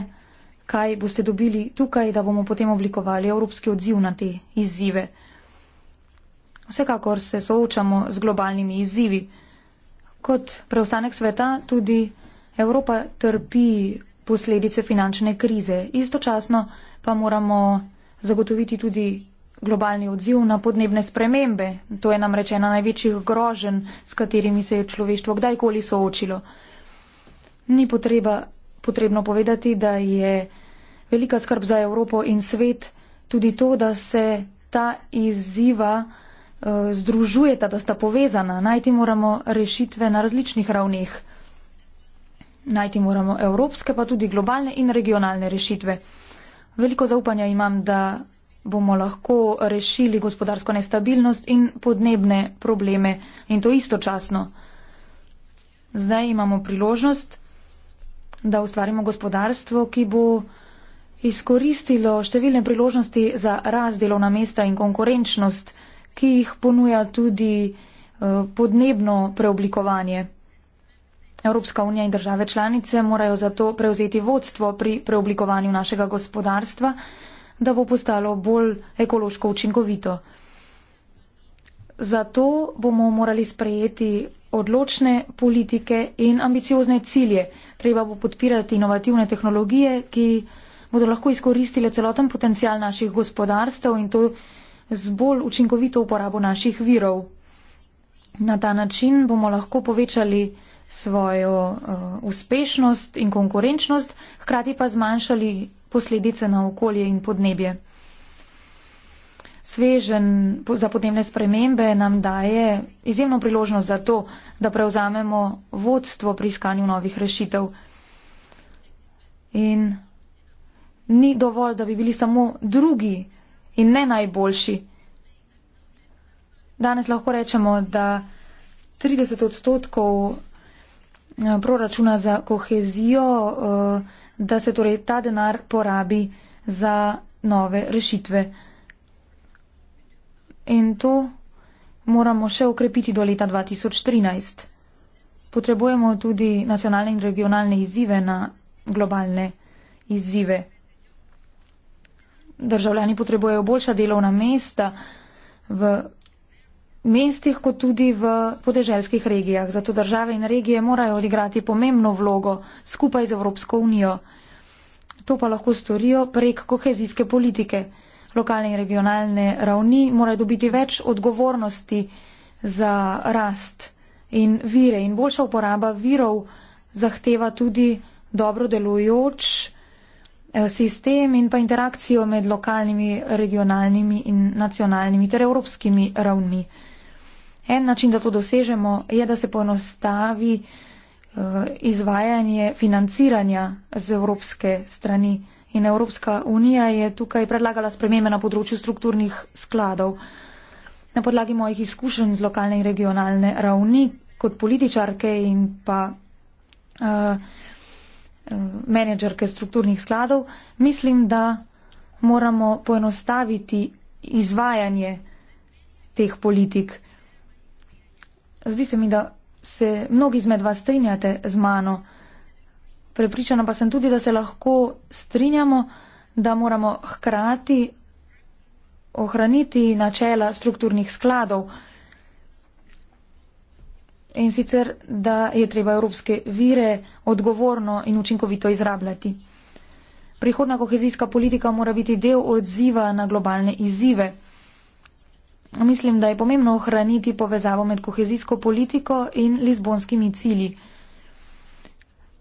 kaj boste dobili tukaj, da bomo potem oblikovali evropski odziv na te izzive. Vsekakor se soočamo z globalnimi izzivi. Kot preostanek sveta tudi Evropa trpi posledice finančne krize. Istočasno pa moramo zagotoviti tudi globalni odziv na podnebne spremembe. To je namreč ena največjih grožen, s katerimi se je človeštvo kdajkoli soočilo. Ni potreba, potrebno povedati, da je velika skrb za Evropo in svet tudi to, da se ta izziva uh, združujeta, da sta povezana. Najti moramo rešitve na različnih ravneh. Najti moramo evropske, pa tudi globalne in regionalne rešitve. Veliko zaupanja imam, da bomo lahko rešili gospodarsko nestabilnost in podnebne probleme in to istočasno. Zdaj imamo priložnost, da ustvarimo gospodarstvo, ki bo izkoristilo številne priložnosti za razdelovna mesta in konkurenčnost, ki jih ponuja tudi eh, podnebno preoblikovanje. Evropska unija in države članice morajo zato prevzeti vodstvo pri preoblikovanju našega gospodarstva da bo postalo bolj ekološko učinkovito. Zato bomo morali sprejeti odločne politike in ambiciozne cilje. Treba bo podpirati inovativne tehnologije, ki bodo lahko izkoristile celoten potencial naših gospodarstv in to z bolj učinkovito uporabo naših virov. Na ta način bomo lahko povečali svojo uh, uspešnost in konkurenčnost, hkrati pa zmanjšali posledice na okolje in podnebje. Svežen za podnebne spremembe nam daje izjemno priložnost za to, da prevzamemo vodstvo pri iskanju novih rešitev. In ni dovolj, da bi bili samo drugi in ne najboljši. Danes lahko rečemo, da 30 odstotkov eh, proračuna za kohezijo uh, da se torej ta denar porabi za nove rešitve. In to moramo še ukrepiti do leta 2013. Potrebujemo tudi nacionalne in regionalne izzive na globalne izzive. Državljani potrebujejo boljša delovna mesta v mestih kot tudi v podeželskih regijah. Zato države in regije morajo odigrati pomembno vlogo skupaj z Evropsko unijo. To pa lahko storijo prek kohezijske politike. Lokalne in regionalne ravni morajo dobiti več odgovornosti za rast in vire in boljša uporaba virov zahteva tudi dobro delujoč eh, sistem in pa interakcijo med lokalnimi, regionalnimi in nacionalnimi ter evropskimi ravnmi. En način, da to dosežemo, je, da se poenostavi eh, izvajanje financiranja z evropske strani. In Evropska unija je tukaj predlagala spremembe na področju strukturnih skladov. Na podlagi mojih izkušenj z lokalne in regionalne ravni kot političarke in pa uh, menedžerke strukturnih skladov, mislim, da moramo poenostaviti izvajanje teh politik. Zdi se mi, da se mnogi izmed vas strinjate z mano. Prepričana pa sem tudi, da se lahko strinjamo, da moramo hkrati ohraniti načela strukturnih skladov. In sicer, da je treba evropske vire odgovorno in učinkovito izrabljati. Prihodna kohezijska politika mora biti del odziva na globalne izzive. Mislim, da je pomembno ohraniti povezavo med kohezijsko politiko in lizbonskimi cilji.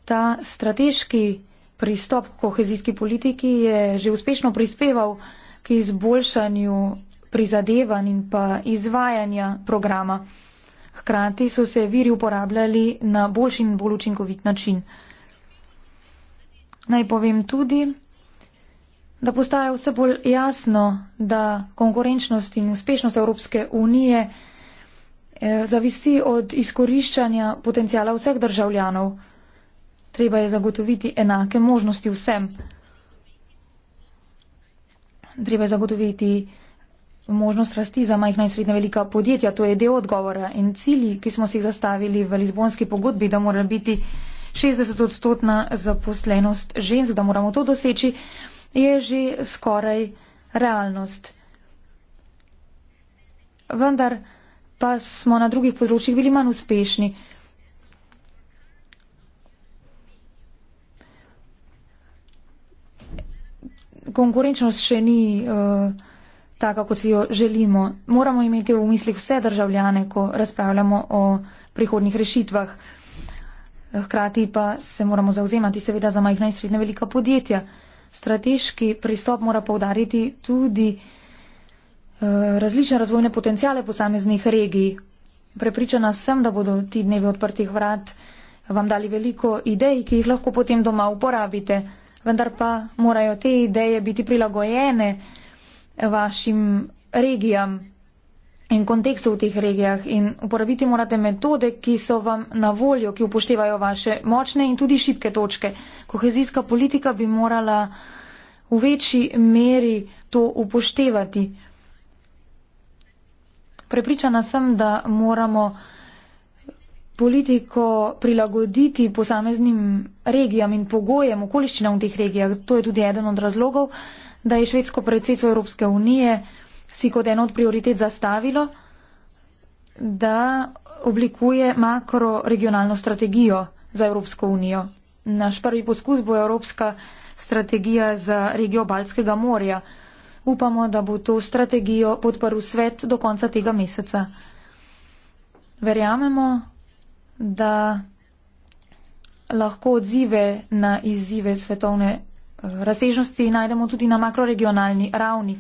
Ta strateški pristop k kohezijski politiki je že uspešno prispeval k izboljšanju prizadevanj in pa izvajanja programa. Hkrati so se viri uporabljali na boljši in bolj učinkovit način. Naj povem tudi, da postaja vse bolj jasno, da konkurenčnost in uspešnost Evropske unije eh, zavisi od izkoriščanja potencijala vseh državljanov. Treba je zagotoviti enake možnosti vsem. Treba je zagotoviti možnost rasti za majhna in srednja velika podjetja. To je del odgovora in cilji, ki smo si jih zastavili v Lizbonski pogodbi, da mora biti 60 odstotna zaposlenost žensk, da moramo to doseči je že skoraj realnost. Vendar pa smo na drugih področjih bili manj uspešni. Konkurenčnost še ni uh, taka, kot si jo želimo. Moramo imeti v mislih vse državljane, ko razpravljamo o prihodnih rešitvah. Hkrati pa se moramo zauzemati seveda za majhna in srednja velika podjetja. Uh, strateški pristop mora povdariti tudi eh, različne razvojne potencijale posameznih regij. Prepričana sem, da bodo ti dnevi odprtih vrat vam dali veliko idej, ki jih lahko potem doma uporabite, vendar pa morajo te ideje biti prilagojene vašim regijam in kontekstu v teh regijah in uporabiti morate metode, ki so vam na voljo, ki upoštevajo vaše močne in tudi šibke točke. Kohezijska politika bi morala v večji meri to upoštevati. Prepričana sem, da moramo politiko prilagoditi posameznim regijam in pogojem, okoliščinam v teh regijah. To je tudi eden od razlogov, da je švedsko predsedstvo Evropske unije si kot eno od prioritet zastavilo, da oblikuje makroregionalno strategijo za Evropsko unijo. Naš prvi poskus bo Evropska strategija za regijo Balskega morja. Upamo, da bo to strategijo podprl svet do konca tega meseca. Verjamemo, da lahko odzive na izzive svetovne eh, razsežnosti najdemo tudi na makroregionalni ravni.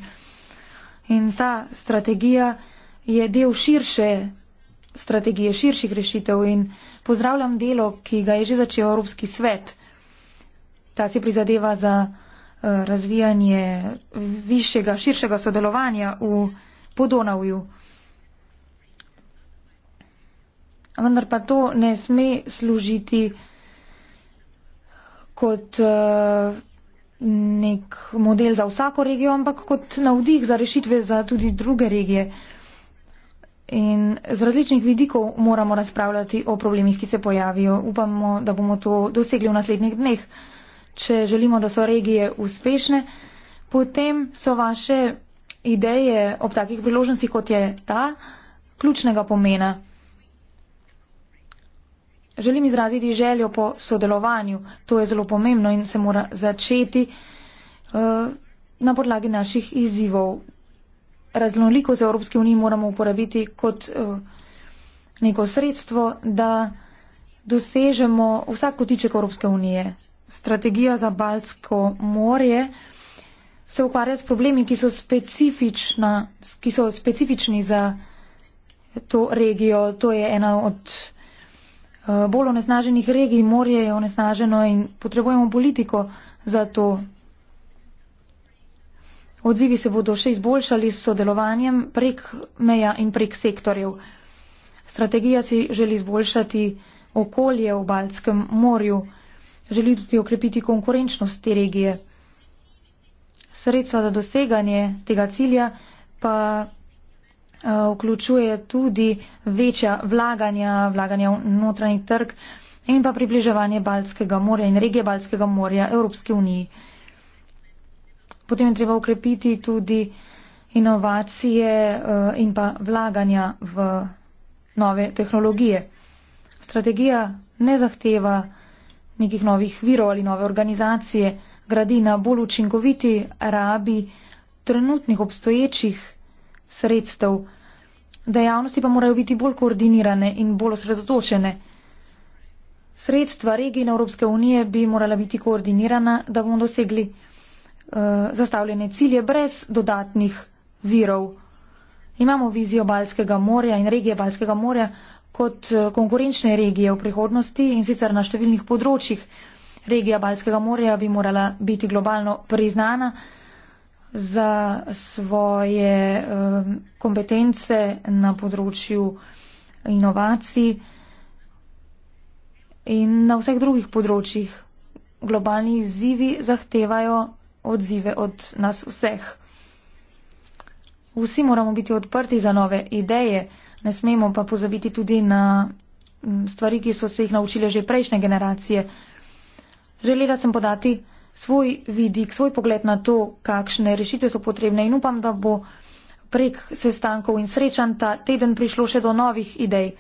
In ta strategija je del širše strategije, širših rešitev in pozdravljam delo, ki ga je že začel Evropski svet. Ta si prizadeva za eh, razvijanje višjega, širšega sodelovanja v Podonavju. Vendar pa to ne sme služiti kot. Uh, nek model za vsako regijo, ampak kot navdih za rešitve za tudi druge regije. In z različnih vidikov moramo razpravljati o problemih, ki se pojavijo. Upamo, da bomo to dosegli v naslednjih dneh. Če želimo, da so regije uspešne, potem so vaše ideje ob takih priložnostih, kot je ta, ključnega pomena. Želim izraziti željo po sodelovanju. To je zelo pomembno in se mora začeti uh, na podlagi naših izzivov. Raznoliko z Evropske unije moramo uporabiti kot uh, neko sredstvo, da dosežemo vsak kotiček Evropske unije. Strategija za Baltsko morje se ukvarja s problemi, ki so, ki so specifični za to regijo. To je ena od. Eh, bolj onesnaženih regij, morje je onesnaženo in potrebujemo politiko za to. Odzivi se bodo še izboljšali s sodelovanjem prek meja in prek sektorjev. Strategija si želi izboljšati okolje v Baltskem morju, želi tudi okrepiti konkurenčnost te regije. Sredstva za doseganje tega cilja pa Eh, vključuje tudi večja vlaganja, vlaganja v notranji trg in pa približevanje Baltskega morja in regije Baltskega morja Evropske unije. Potem je treba ukrepiti tudi inovacije eh, in pa vlaganja v nove tehnologije. Strategija ne zahteva nekih novih virov ali nove organizacije, gradi na bolj učinkoviti rabi trenutnih obstoječih sredstev. Dejavnosti pa morajo biti bolj koordinirane in bolj osredotočene. Sredstva regije in Evropske unije bi morala biti koordinirana, da bomo dosegli uh, zastavljene cilje brez dodatnih virov. Imamo vizijo Balskega morja in regije Balskega morja kot eh, konkurenčne regije v prihodnosti in sicer na številnih področjih. Regija Balskega morja bi morala biti globalno priznana, za svoje um, kompetence na področju inovacij in na vseh drugih področjih. Globalni izzivi zahtevajo odzive od nas vseh. Vsi moramo biti odprti za nove ideje, ne smemo pa pozabiti tudi na mm, stvari, ki so se jih naučile že prejšnje generacije. Želela sem podati svoj vidik, svoj pogled na to, kakšne rešitve so potrebne in upam, da bo prek sestankov in srečan ta teden prišlo še do novih idej.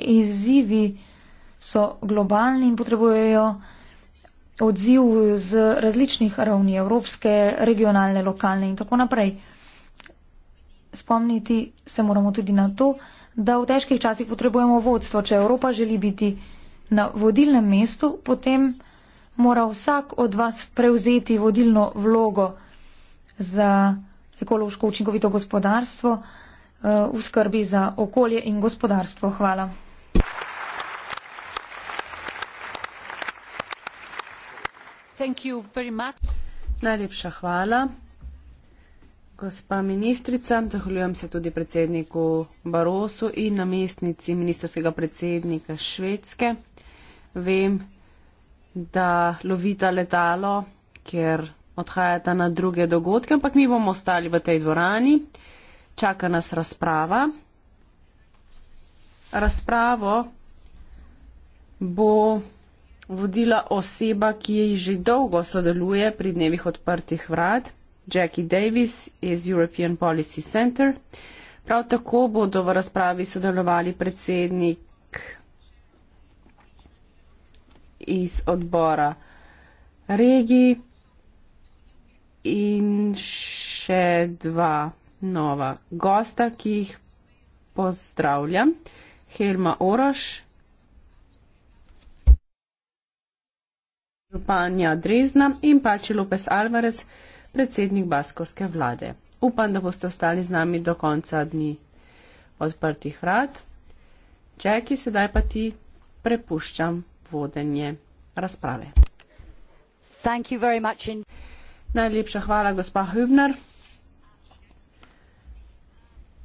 Izzivi so globalni in potrebujejo odziv z različnih ravni, evropske, regionalne, lokalne in tako naprej. Spomniti se moramo tudi na to, da v težkih časih potrebujemo vodstvo, če Evropa želi biti na vodilnem mestu, potem mora vsak od vas prevzeti vodilno vlogo za ekološko učinkovito gospodarstvo eh, v skrbi za okolje in gospodarstvo. Hvala. Najlepša hvala. Gospa ministrica, zahvaljujem se tudi predsedniku Barosu in namestnici ministerskega predsednika Švedske. Vem, da lovita letalo, ker odhajata na druge dogodke, ampak mi bomo ostali v tej dvorani. Čaka nas razprava. Razpravo bo vodila oseba, ki ji že dolgo sodeluje pri dnevih odprtih vrat. Jackie Davis iz European Policy Center. Prav tako bodo v razpravi sodelovali predsednik iz odbora regij in še dva nova gosta, ki jih pozdravljam. Helma Oroš, županja Drezna in pači Lopes Alvarez, predsednik baskovske vlade. Upam, da boste ostali z nami do konca dni odprtih vrat. Čeki, sedaj pa ti prepuščam vodenje razprave. Najlepša hvala, gospa Hübner.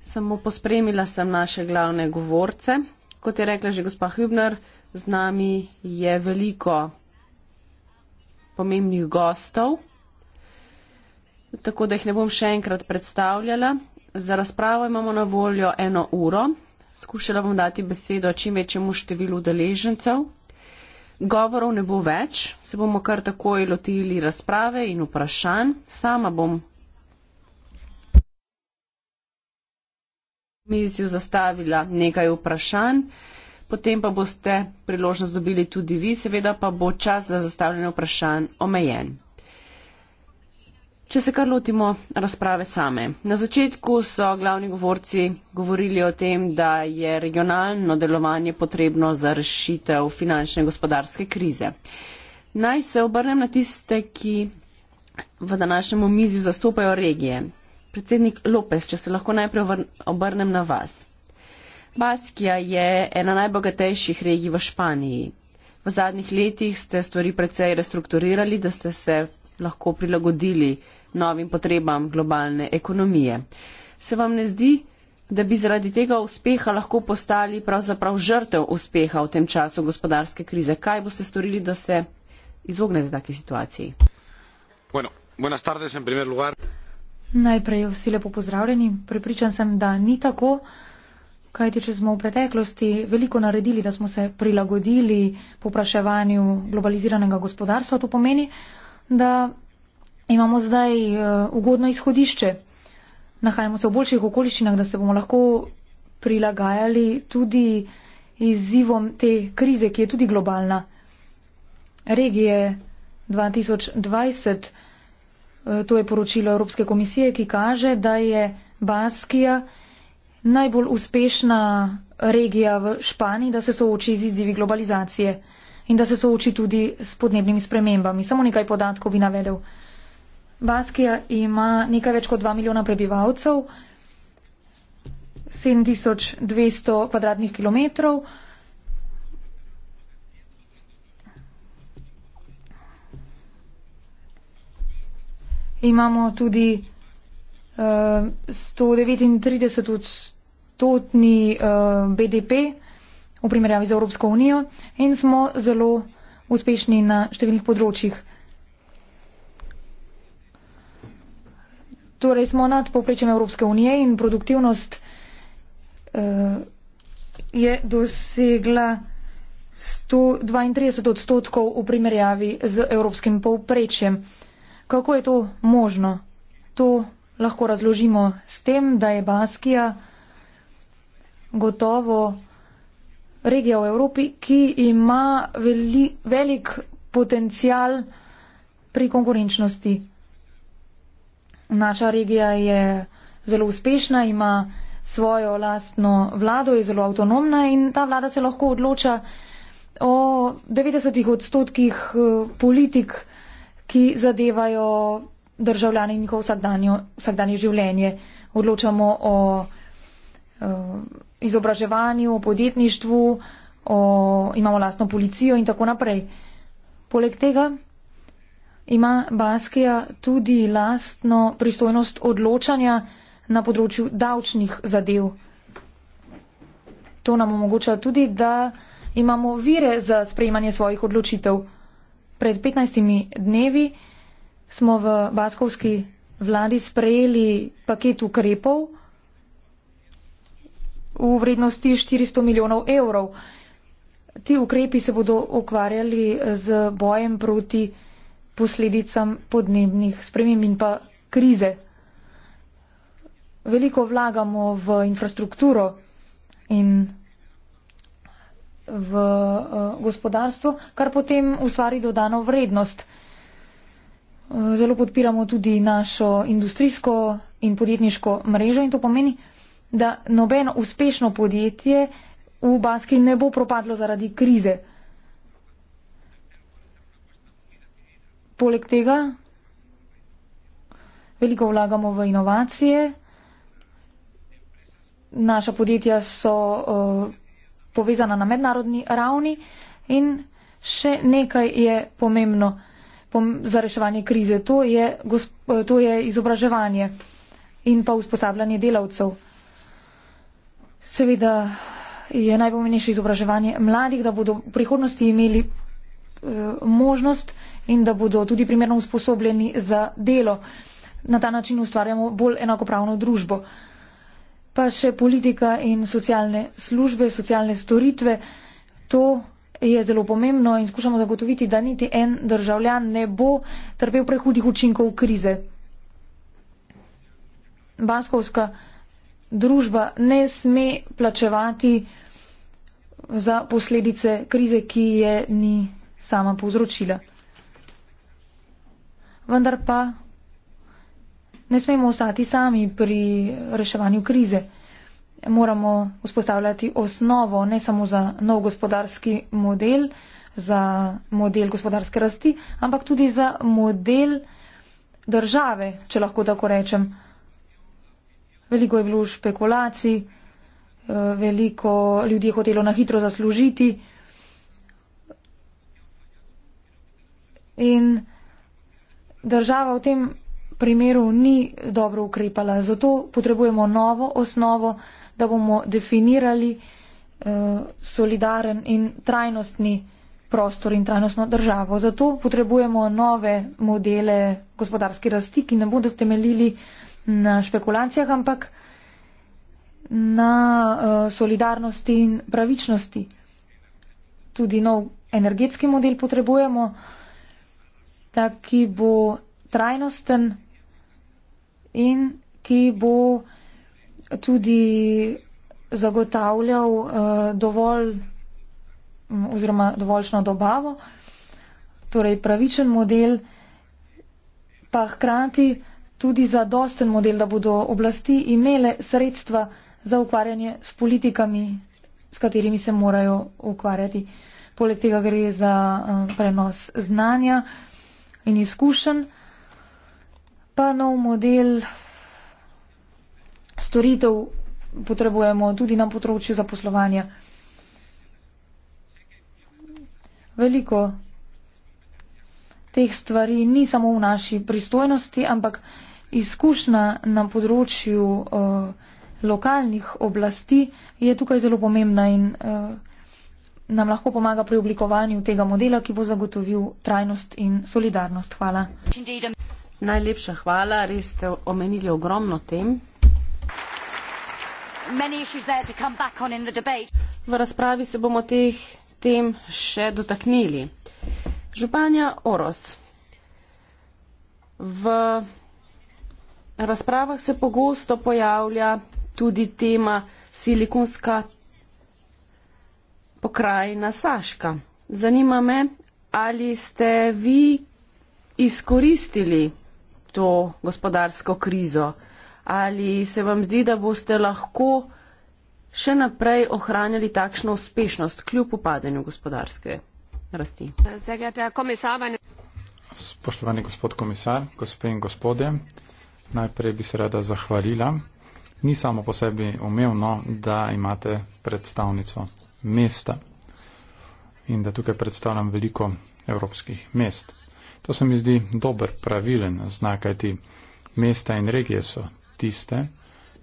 Samo pospremila sem naše glavne govorce. Kot je rekla že gospa Hübner, z nami je veliko pomembnih gostov tako da jih ne bom še enkrat predstavljala. Za razpravo imamo na voljo eno uro. Skušala bom dati besedo čim večjemu številu deležencev. Govorov ne bo več, se bomo kar takoj lotili razprave in vprašanj. Sama bom komisijo zastavila nekaj vprašanj, potem pa boste priložnost dobili tudi vi, seveda pa bo čas za zastavljanje vprašanj omejen. Če se kar lotimo razprave same. Na začetku so glavni govorci govorili o tem, da je regionalno delovanje potrebno za rešitev finančne gospodarske krize. Naj se obrnem na tiste, ki v današnjem omizju zastopajo regije. Predsednik Lopes, če se lahko najprej obrnem na vas. Baskija je ena najbogatejših regij v Španiji. V zadnjih letih ste stvari precej restrukturirali, da ste se lahko prilagodili novim potrebam globalne ekonomije. Se vam ne zdi, da bi zaradi tega uspeha lahko postali pravzaprav žrtev uspeha v tem času gospodarske krize? Kaj boste storili, da se izognete taki situaciji? Bueno, tardes, Najprej vsi lepo pozdravljeni. Pripričan sem, da ni tako. Kaj ti, če smo v preteklosti veliko naredili, da smo se prilagodili popraševanju globaliziranega gospodarstva, to pomeni, da imamo zdaj eh, ugodno izhodišče. Nahajamo se v boljših okoliščinah, da se bomo lahko prilagajali tudi izzivom te krize, ki je tudi globalna. Regije 2020, eh, to je poročilo Evropske komisije, ki kaže, da je Baskija najbolj uspešna regija v Španiji, da se sooči z izzivi globalizacije in da se sooči tudi s podnebnimi spremembami. Samo nekaj podatkov bi navedel. Baskija ima nekaj več kot 2 milijona prebivalcev, 7200 kvadratnih kilometrov. Imamo tudi uh, 139 odstotni uh, BDP v primerjavi z Evropsko unijo in smo zelo uspešni na številnih področjih. Torej smo nad poprečjem Evropske unije in produktivnost uh, je dosegla 132 odstotkov v primerjavi z evropskim povprečjem. Kako je to možno? To lahko razložimo s tem, da je Baskija gotovo regija v Evropi, ki ima veli, velik potencial pri konkurenčnosti. Naša regija je zelo uspešna, ima svojo lastno vlado, je zelo avtonomna in ta vlada se lahko odloča o 90 odstotkih eh, politik, ki zadevajo državljane in njihov vsakdanje življenje. Odločamo o. o eh, izobraževanju, o podjetništvu, o, imamo lastno policijo in tako naprej. Poleg tega ima Baskija tudi lastno pristojnost odločanja na področju davčnih zadev. To nam omogoča tudi, da imamo vire za sprejemanje svojih odločitev. Pred 15 dnevi smo v baskovski vladi sprejeli paket ukrepov, v vrednosti 400 milijonov evrov. Ti ukrepi se bodo ukvarjali z bojem proti posledicam podnebnih sprememb in pa krize. Veliko vlagamo v infrastrukturo in v eh, gospodarstvo, kar potem ustvari dodano vrednost. Eh, zelo podpiramo tudi našo industrijsko in podjetniško mrežo in to pomeni, da nobeno uspešno podjetje v Baski ne bo propadlo zaradi krize. Poleg tega veliko vlagamo v inovacije. Naša podjetja so uh, povezana na mednarodni ravni in še nekaj je pomembno za reševanje krize. To je, to je izobraževanje in pa usposabljanje delavcev. Seveda je najpomenejše izobraževanje mladih, da bodo v prihodnosti imeli e, možnost in da bodo tudi primerno usposobljeni za delo. Na ta način ustvarjamo bolj enakopravno družbo. Pa še politika in socialne službe, socialne storitve. To je zelo pomembno in skušamo zagotoviti, da niti en državljan ne bo trpel prehudih učinkov krize. Baskovska družba ne sme plačevati za posledice krize, ki je ni sama povzročila. Vendar pa ne smemo ostati sami pri reševanju krize. Moramo vzpostavljati osnovo ne samo za nov gospodarski model, za model gospodarske rasti, ampak tudi za model države, če lahko tako rečem, Veliko je bilo špekulacij, eh, veliko ljudi je hotelo na hitro zaslužiti. In država v tem primeru ni dobro ukrepala. Zato potrebujemo novo osnovo, da bomo definirali eh, solidaren in trajnostni prostor in trajnostno državo. Zato potrebujemo nove modele gospodarske rasti, ki ne bodo temeljili na špekulacijah, ampak na uh, solidarnosti in pravičnosti. Tudi nov energetski model potrebujemo, tak, ki bo trajnosten in ki bo tudi zagotavljal uh, dovolj mm, oziroma dovoljšno dobavo, torej pravičen model, pa hkrati tudi za dosten model, da bodo oblasti imele sredstva za ukvarjanje s politikami, s katerimi se morajo ukvarjati. Poleg tega gre za eh, prenos znanja in izkušenj, pa nov model storitev potrebujemo tudi na področju zaposlovanja. Veliko teh stvari ni samo v naši pristojnosti, ampak izkušnja na področju eh, lokalnih oblasti je tukaj zelo pomembna in eh, nam lahko pomaga pri oblikovanju tega modela, ki bo zagotovil trajnost in solidarnost. Hvala. Najlepša hvala, res ste omenili ogromno tem. V razpravi se bomo teh tem še dotaknili. Županja Oros, v Na razpravah se pogosto pojavlja tudi tema silikonska pokrajina Saška. Zanima me, ali ste vi izkoristili to gospodarsko krizo, ali se vam zdi, da boste lahko še naprej ohranjali takšno uspešnost kljub upadanju gospodarske rasti. Spoštovani gospod komisar, gospe in gospodje najprej bi se rada zahvalila. Ni samo po sebi umevno, da imate predstavnico mesta in da tukaj predstavljam veliko evropskih mest. To se mi zdi dober, pravilen znak, kajti mesta in regije so tiste,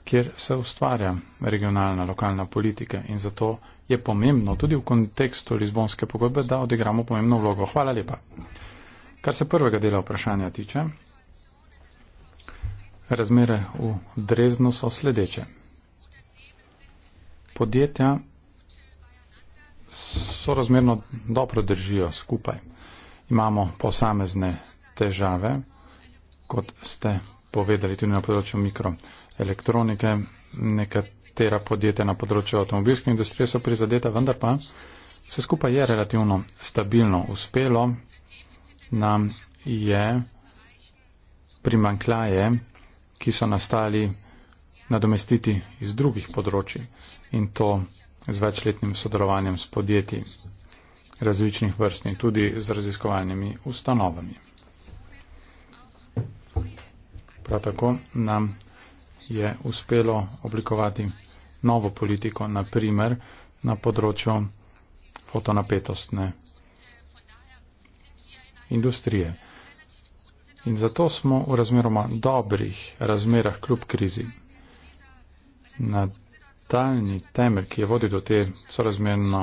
kjer se ustvarja regionalna, lokalna politika in zato je pomembno tudi v kontekstu Lizbonske pogodbe, da odigramo pomembno vlogo. Hvala lepa. Kar se prvega dela vprašanja tiče, Razmere v Dreznu so sledeče. Podjetja so razmerno dobro držijo skupaj. Imamo posamezne težave, kot ste povedali tudi na področju mikroelektronike, nekatera podjetja na področju avtomobilske industrije so prizadeta, vendar pa vse skupaj je relativno stabilno uspelo. Nam je primankljaje ki so nastali, nadomestiti iz drugih področji in to z večletnim sodelovanjem s podjetji različnih vrst in tudi z raziskovalnimi ustanovami. Prav tako nam je uspelo oblikovati novo politiko, naprimer na področju fotonapetostne industrije. In zato smo v razmeroma dobrih razmerah kljub krizi. Nadaljni temelj, ki je vodil do te sorazmerno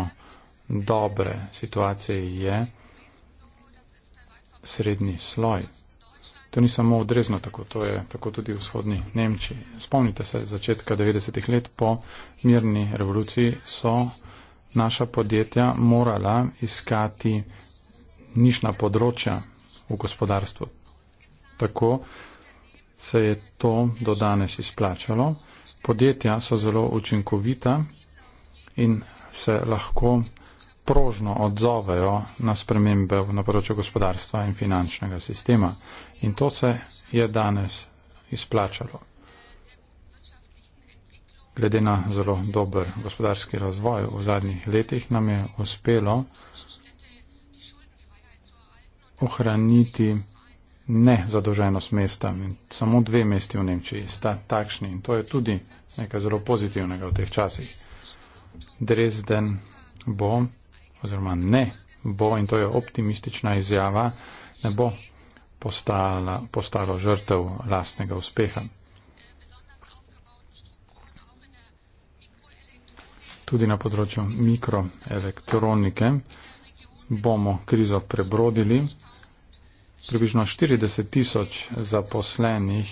dobre situacije, je srednji sloj. To ni samo odrezno tako, to je tako tudi v vzhodni Nemčiji. Spomnite se, začetka 90-ih let po mirni revoluciji so naša podjetja morala iskati nišna področja v gospodarstvu tako se je to do danes izplačalo. Podjetja so zelo učinkovita in se lahko prožno odzovejo na spremembe v naporočju gospodarstva in finančnega sistema. In to se je danes izplačalo. Glede na zelo dober gospodarski razvoj v zadnjih letih nam je uspelo ohraniti ne zadolženost mesta. Samo dve mesti v Nemčiji sta takšni in to je tudi nekaj zelo pozitivnega v teh časih. Dresden bo, oziroma ne bo, in to je optimistična izjava, ne bo postala, postalo žrtev lastnega uspeha. Tudi na področju mikroelektronike bomo krizo prebrodili. Približno 40 tisoč zaposlenih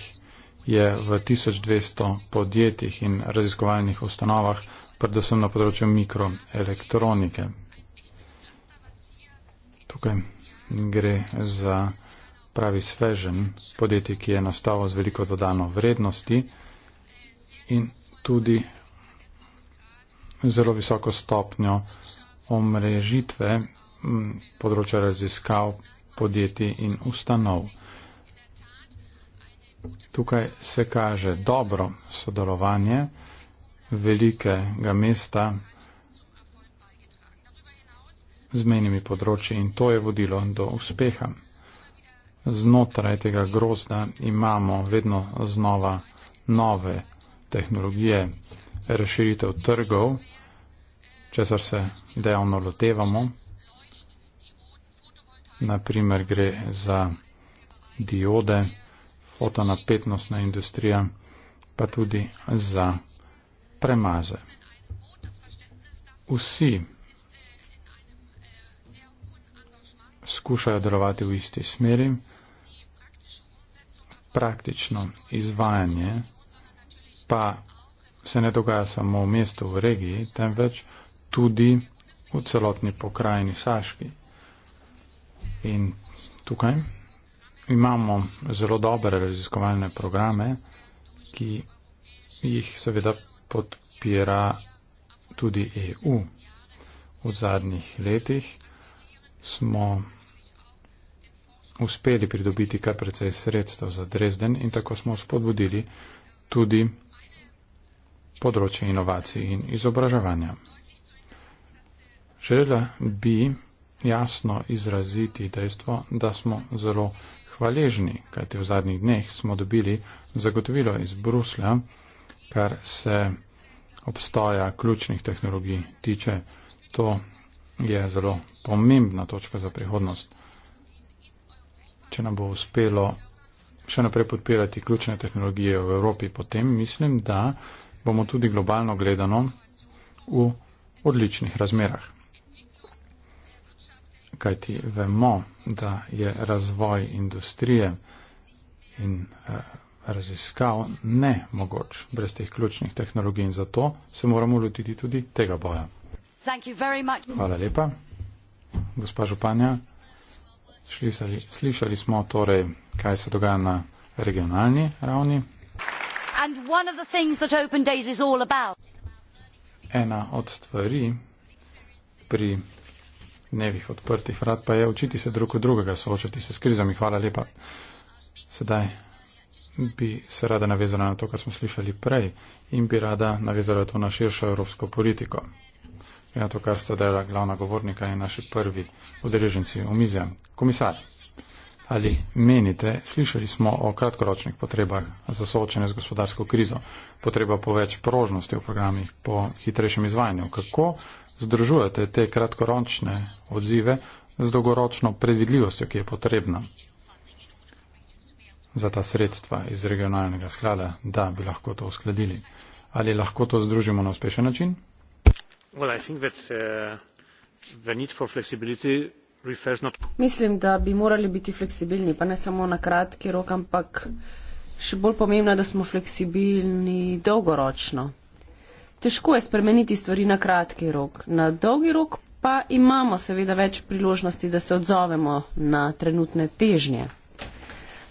je v 1200 podjetjih in raziskovalnih ustanovah, predvsem na področju mikroelektronike. Tukaj gre za pravi svežen podjetij, ki je nastalo z veliko dodano vrednosti in tudi zelo visoko stopnjo omrežitve področja raziskav podjetij in ustanov. Tukaj se kaže dobro sodelovanje velikega mesta z menimi področji in to je vodilo do uspeha. Znotraj tega grozda imamo vedno znova nove tehnologije, razširitev trgov, česar se dejavno lotevamo naprimer gre za diode, fotonapetnostna industrija, pa tudi za premaze. Vsi skušajo delovati v isti smeri, praktično izvajanje pa se ne dogaja samo v mestu, v regiji, temveč tudi v celotni pokrajini Saški. In tukaj imamo zelo dobre raziskovalne programe, ki jih seveda podpira tudi EU. V zadnjih letih smo uspeli pridobiti kar precej sredstev za Dresden in tako smo spodbudili tudi področje inovacij in izobraževanja. Želela bi jasno izraziti dejstvo, da smo zelo hvaležni, kajti v zadnjih dneh smo dobili zagotovilo iz Bruslja, kar se obstoja ključnih tehnologij tiče. To je zelo pomembna točka za prihodnost. Če nam bo uspelo še naprej podpirati ključne tehnologije v Evropi, potem mislim, da bomo tudi globalno gledano v odličnih razmerah kajti vemo, da je razvoj industrije in eh, raziskav ne mogoč brez teh ključnih tehnologij in zato se moramo lotiti tudi tega boja. Hvala lepa, gospa županja. Slišali, slišali smo torej, kaj se dogaja na regionalni ravni. Ena od stvari pri dnevih odprtih vrat, pa je učiti se drug od drugega, soočati se s krizami. Hvala lepa. Sedaj bi se rada navezala na to, kar smo slišali prej in bi rada navezala to na širšo evropsko politiko. In na to, kar sta dela glavna govornika in naši prvi odreženci v mizja. Komisar, ali menite, slišali smo o kratkoročnih potrebah za soočenje z gospodarsko krizo, potreba po več prožnosti v programih, po hitrejšem izvajanju. Kako združujete te kratkoročne odzive z dolgoročno predvidljivostjo, ki je potrebna za ta sredstva iz regionalnega sklada, da bi lahko to uskladili. Ali lahko to združimo na uspešen način? Well, I think that, uh, the need for flexibility refers not... Mislim, da bi morali biti fleksibilni, pa ne samo na kratki rok, ampak še bolj pomembno je, da smo fleksibilni dolgoročno težko je spremeniti stvari na kratki rok. Na dolgi rok pa imamo seveda več priložnosti, da se odzovemo na trenutne težnje.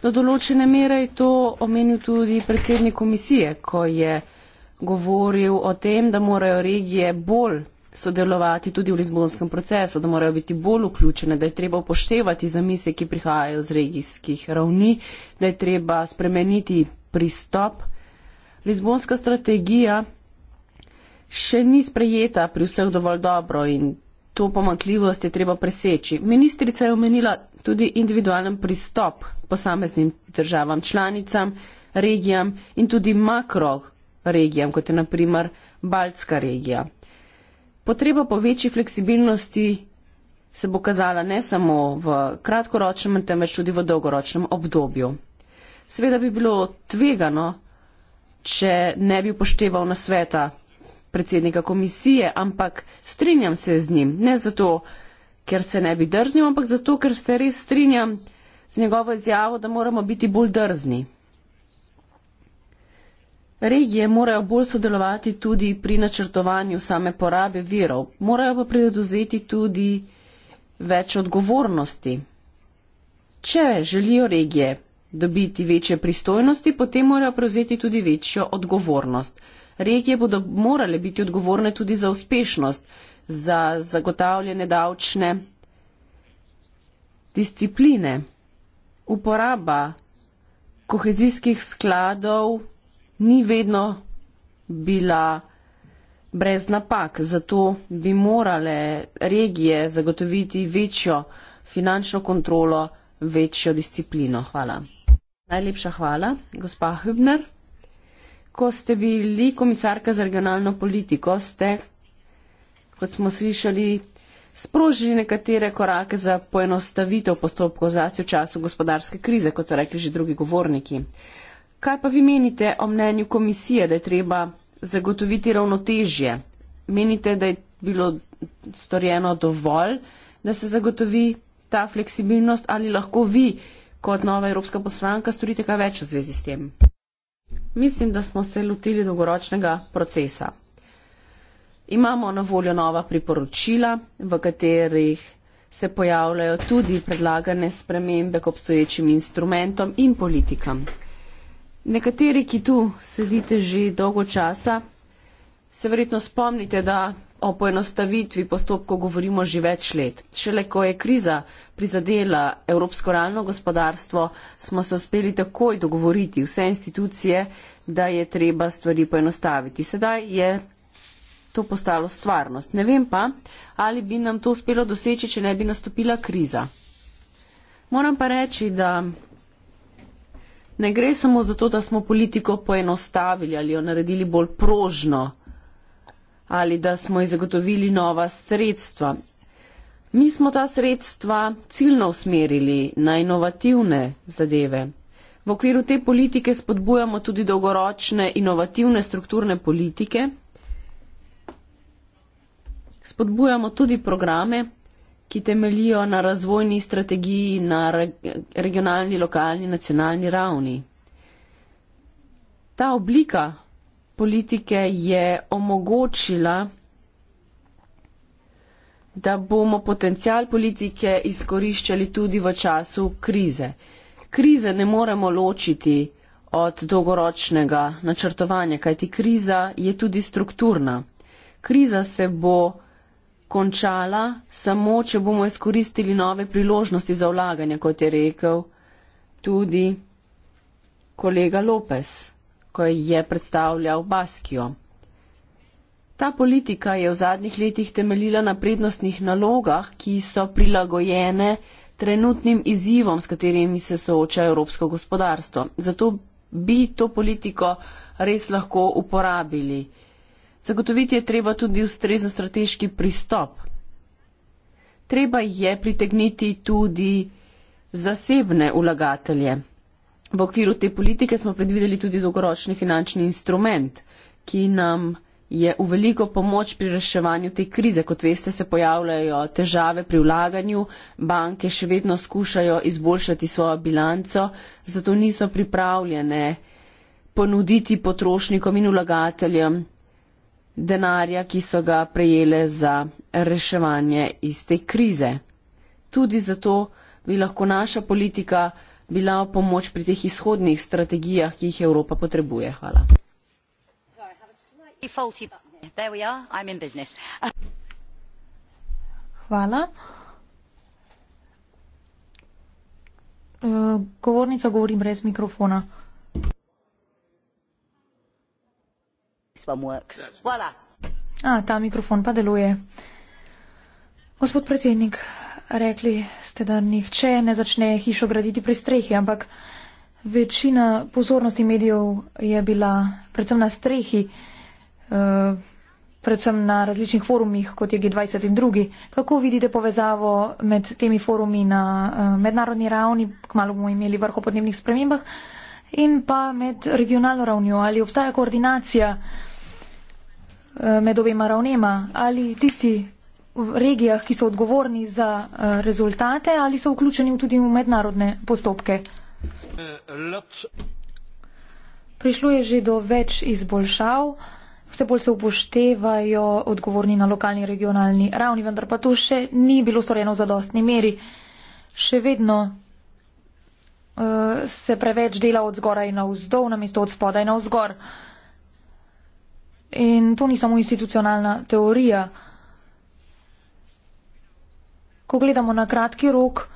Do določene mere je to omenil tudi predsednik komisije, ko je govoril o tem, da morajo regije bolj sodelovati tudi v Lizbonskem procesu, da morajo biti bolj vključene, da je treba upoštevati zamise, ki prihajajo z regijskih ravni, da je treba spremeniti pristop. Lizbonska strategija še ni sprejeta pri vseh dovolj dobro in to pomankljivost je treba preseči. Ministrica je omenila tudi individualen pristop posameznim državam članicam, regijam in tudi makro regijam, kot je naprimer Baltska regija. Potreba po večji fleksibilnosti se bo kazala ne samo v kratkoročnem, temveč tudi v dolgoročnem obdobju. Seveda bi bilo tvegano, če ne bi upošteval nasveta predsednika komisije, ampak strinjam se z njim. Ne zato, ker se ne bi drznil, ampak zato, ker se res strinjam z njegovo izjavo, da moramo biti bolj drzni. Regije morajo bolj sodelovati tudi pri načrtovanju same porabe virov, morajo pa pridoduzeti tudi več odgovornosti. Če želijo regije dobiti večje pristojnosti, potem morajo prevzeti tudi večjo odgovornost. Regije bodo morale biti odgovorne tudi za uspešnost, za zagotavljene davčne discipline. Uporaba kohezijskih skladov ni vedno bila brez napak, zato bi morale regije zagotoviti večjo finančno kontrolo, večjo disciplino. Hvala. Najlepša hvala, gospa Hübner ko ste bili komisarka za regionalno politiko, ste, kot smo slišali, sprožili nekatere korake za poenostavitev postopkov zlasti v času gospodarske krize, kot so rekli že drugi govorniki. Kaj pa vi menite o mnenju komisije, da je treba zagotoviti ravnotežje? Menite, da je bilo storjeno dovolj, da se zagotovi ta fleksibilnost ali lahko vi kot nova evropska poslanka storite kaj več v zvezi s tem? Mislim, da smo se lotili dolgoročnega procesa. Imamo na voljo nova priporočila, v katerih se pojavljajo tudi predlagane spremembe k obstoječim instrumentom in politikam. Nekateri, ki tu sedite že dolgo časa, se verjetno spomnite, da O poenostavitvi postopkov govorimo že več let. Šele ko je kriza prizadela evropsko realno gospodarstvo, smo se uspeli takoj dogovoriti vse institucije, da je treba stvari poenostaviti. Sedaj je to postalo stvarnost. Ne vem pa, ali bi nam to uspelo doseči, če ne bi nastopila kriza. Moram pa reči, da ne gre samo za to, da smo politiko poenostavili ali jo naredili bolj prožno ali da smo ji zagotovili nova sredstva. Mi smo ta sredstva ciljno usmerili na inovativne zadeve. V okviru te politike spodbujamo tudi dolgoročne inovativne strukturne politike. Spodbujamo tudi programe, ki temelijo na razvojni strategiji na regionalni, lokalni, nacionalni ravni. Ta oblika politike je omogočila, da bomo potencial politike izkoriščali tudi v času krize. Krize ne moremo ločiti od dolgoročnega načrtovanja, kajti kriza je tudi strukturna. Kriza se bo končala samo, če bomo izkoristili nove priložnosti za vlaganje, kot je rekel tudi kolega Lopes ko je predstavljal Baskijo. Ta politika je v zadnjih letih temeljila na prednostnih nalogah, ki so prilagojene trenutnim izzivom, s katerimi se sooča evropsko gospodarstvo. Zato bi to politiko res lahko uporabili. Zagotoviti je treba tudi ustrezen strateški pristop. Treba je pritegniti tudi zasebne vlagatelje. V okviru te politike smo predvideli tudi dolgoročni finančni instrument, ki nam je v veliko pomoč pri reševanju te krize. Kot veste, se pojavljajo težave pri vlaganju, banke še vedno skušajo izboljšati svojo bilanco, zato niso pripravljene ponuditi potrošnikom in vlagateljem denarja, ki so ga prejele za reševanje iz te krize. Tudi zato bi lahko naša politika bila pomoč pri teh izhodnih strategijah, ki jih Evropa potrebuje. Hvala. Hvala. Eh, govornica govori brez mikrofona. A, ta mikrofon pa deluje. Gospod predsednik, rekli ste, da nihče ne začne hišo graditi pri strehi, ampak večina pozornosti medijev je bila predvsem na strehi, eh, predvsem na različnih forumih, kot je G20 in drugi. Kako vidite povezavo med temi forumi na eh, mednarodni ravni, kmalo bomo imeli vrh o podnebnih spremembah, in pa med regionalno ravnjo? Ali obstaja koordinacija? Eh, med obima ravnema ali tisti, regijah, ki so odgovorni za eh, rezultate ali so vključeni tudi v mednarodne postopke? Prišlo je že do več izboljšav, vse bolj se upoštevajo odgovorni na lokalni in regionalni ravni, vendar pa to še ni bilo storjeno v zadostni meri. Še vedno uh, se preveč dela od zgoraj na vzdolj, namesto od spodaj na vzgor. In to ni samo institucionalna teorija ko gledamo na kratki rok,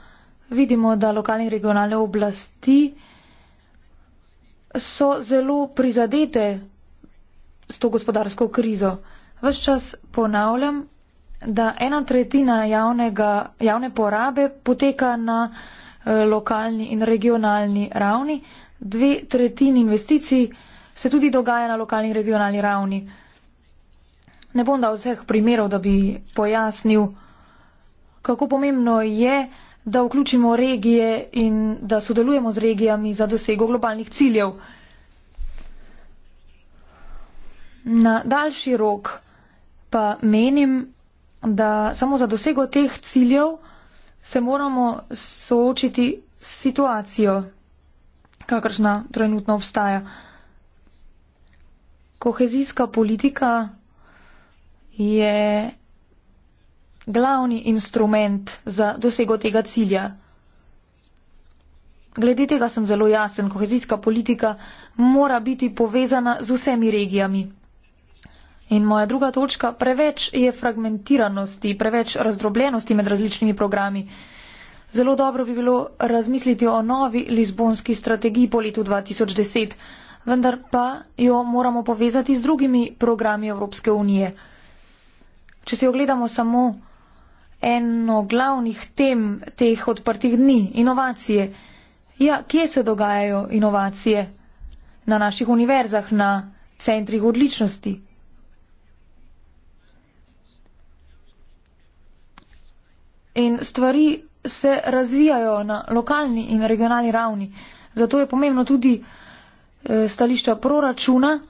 vidimo, da lokalne in regionalne oblasti so zelo prizadete s to gospodarsko krizo. Ves čas ponavljam, da ena tretjina javnega, javne porabe poteka na eh, lokalni in regionalni ravni, dve tretjini investicij se tudi dogaja na lokalni in regionalni ravni. Ne bom dal vseh primerov, da bi pojasnil, kako pomembno je, da vključimo regije in da sodelujemo z regijami za dosego globalnih ciljev. Na daljši rok pa menim, da samo za dosego teh ciljev se moramo soočiti s situacijo, kakršna trenutno obstaja. Kohezijska politika je glavni instrument za dosego tega cilja. Glede tega sem zelo jasen, kohezijska politika mora biti povezana z vsemi regijami. In moja druga točka, preveč je fragmentiranosti, preveč razdrobljenosti med različnimi programi. Zelo dobro bi bilo razmisliti o novi lizbonski strategiji po letu 2010, vendar pa jo moramo povezati z drugimi programi Evropske unije. Če si ogledamo samo eno glavnih tem teh odprtih dni - inovacije. Ja, kje se dogajajo inovacije? Na naših univerzah, na centrih odličnosti. In stvari se razvijajo na lokalni in regionalni ravni. Zato je pomembno tudi eh, stališča proračuna,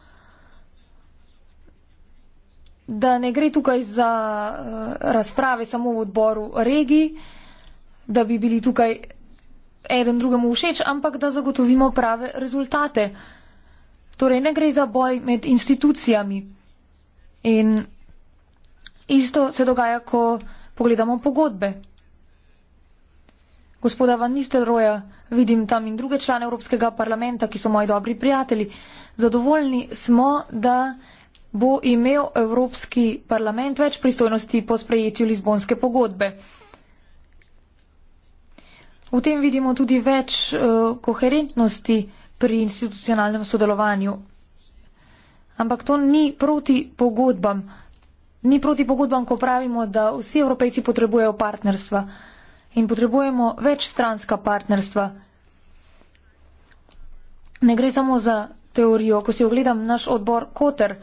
da ne gre tukaj za eh, razprave samo v odboru regij, da bi bili tukaj eden drugemu všeč, ampak da zagotovimo prave rezultate. Torej ne gre za boj med institucijami. In isto se dogaja, ko pogledamo pogodbe. Gospoda Van Nistelrooja vidim tam in druge člane Evropskega parlamenta, ki so moji dobri prijatelji. Zadovoljni smo, da bo imel Evropski parlament več pristojnosti po sprejetju Lizbonske pogodbe. V tem vidimo tudi več eh, koherentnosti pri institucionalnem sodelovanju. Ampak to ni proti pogodbam. Ni proti pogodbam, ko pravimo, da vsi evropejci potrebujejo partnerstva in potrebujemo več stranska partnerstva. Ne gre samo za teorijo, ko si ogledam naš odbor Koter,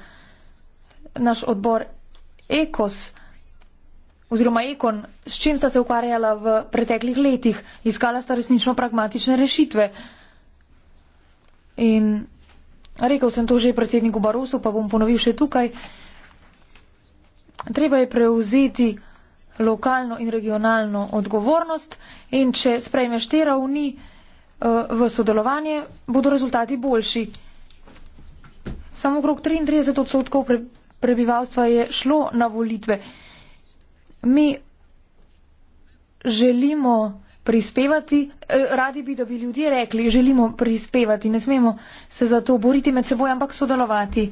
naš odbor Ekos oziroma Ekon, s čim sta se ukvarjala v preteklih letih, iskala sta resnično pragmatične rešitve. In rekel sem to že predsedniku Barosu, pa bom ponovil še tukaj. Treba je prevzeti lokalno in regionalno odgovornost in če sprejmeš te ravni eh, v sodelovanje, bodo rezultati boljši. Samo okrog 33 odstotkov prebivalstva je šlo na volitve. Mi želimo prispevati, eh, radi bi, da bi ljudje rekli, želimo prispevati, ne smemo se za to boriti med seboj, ampak sodelovati.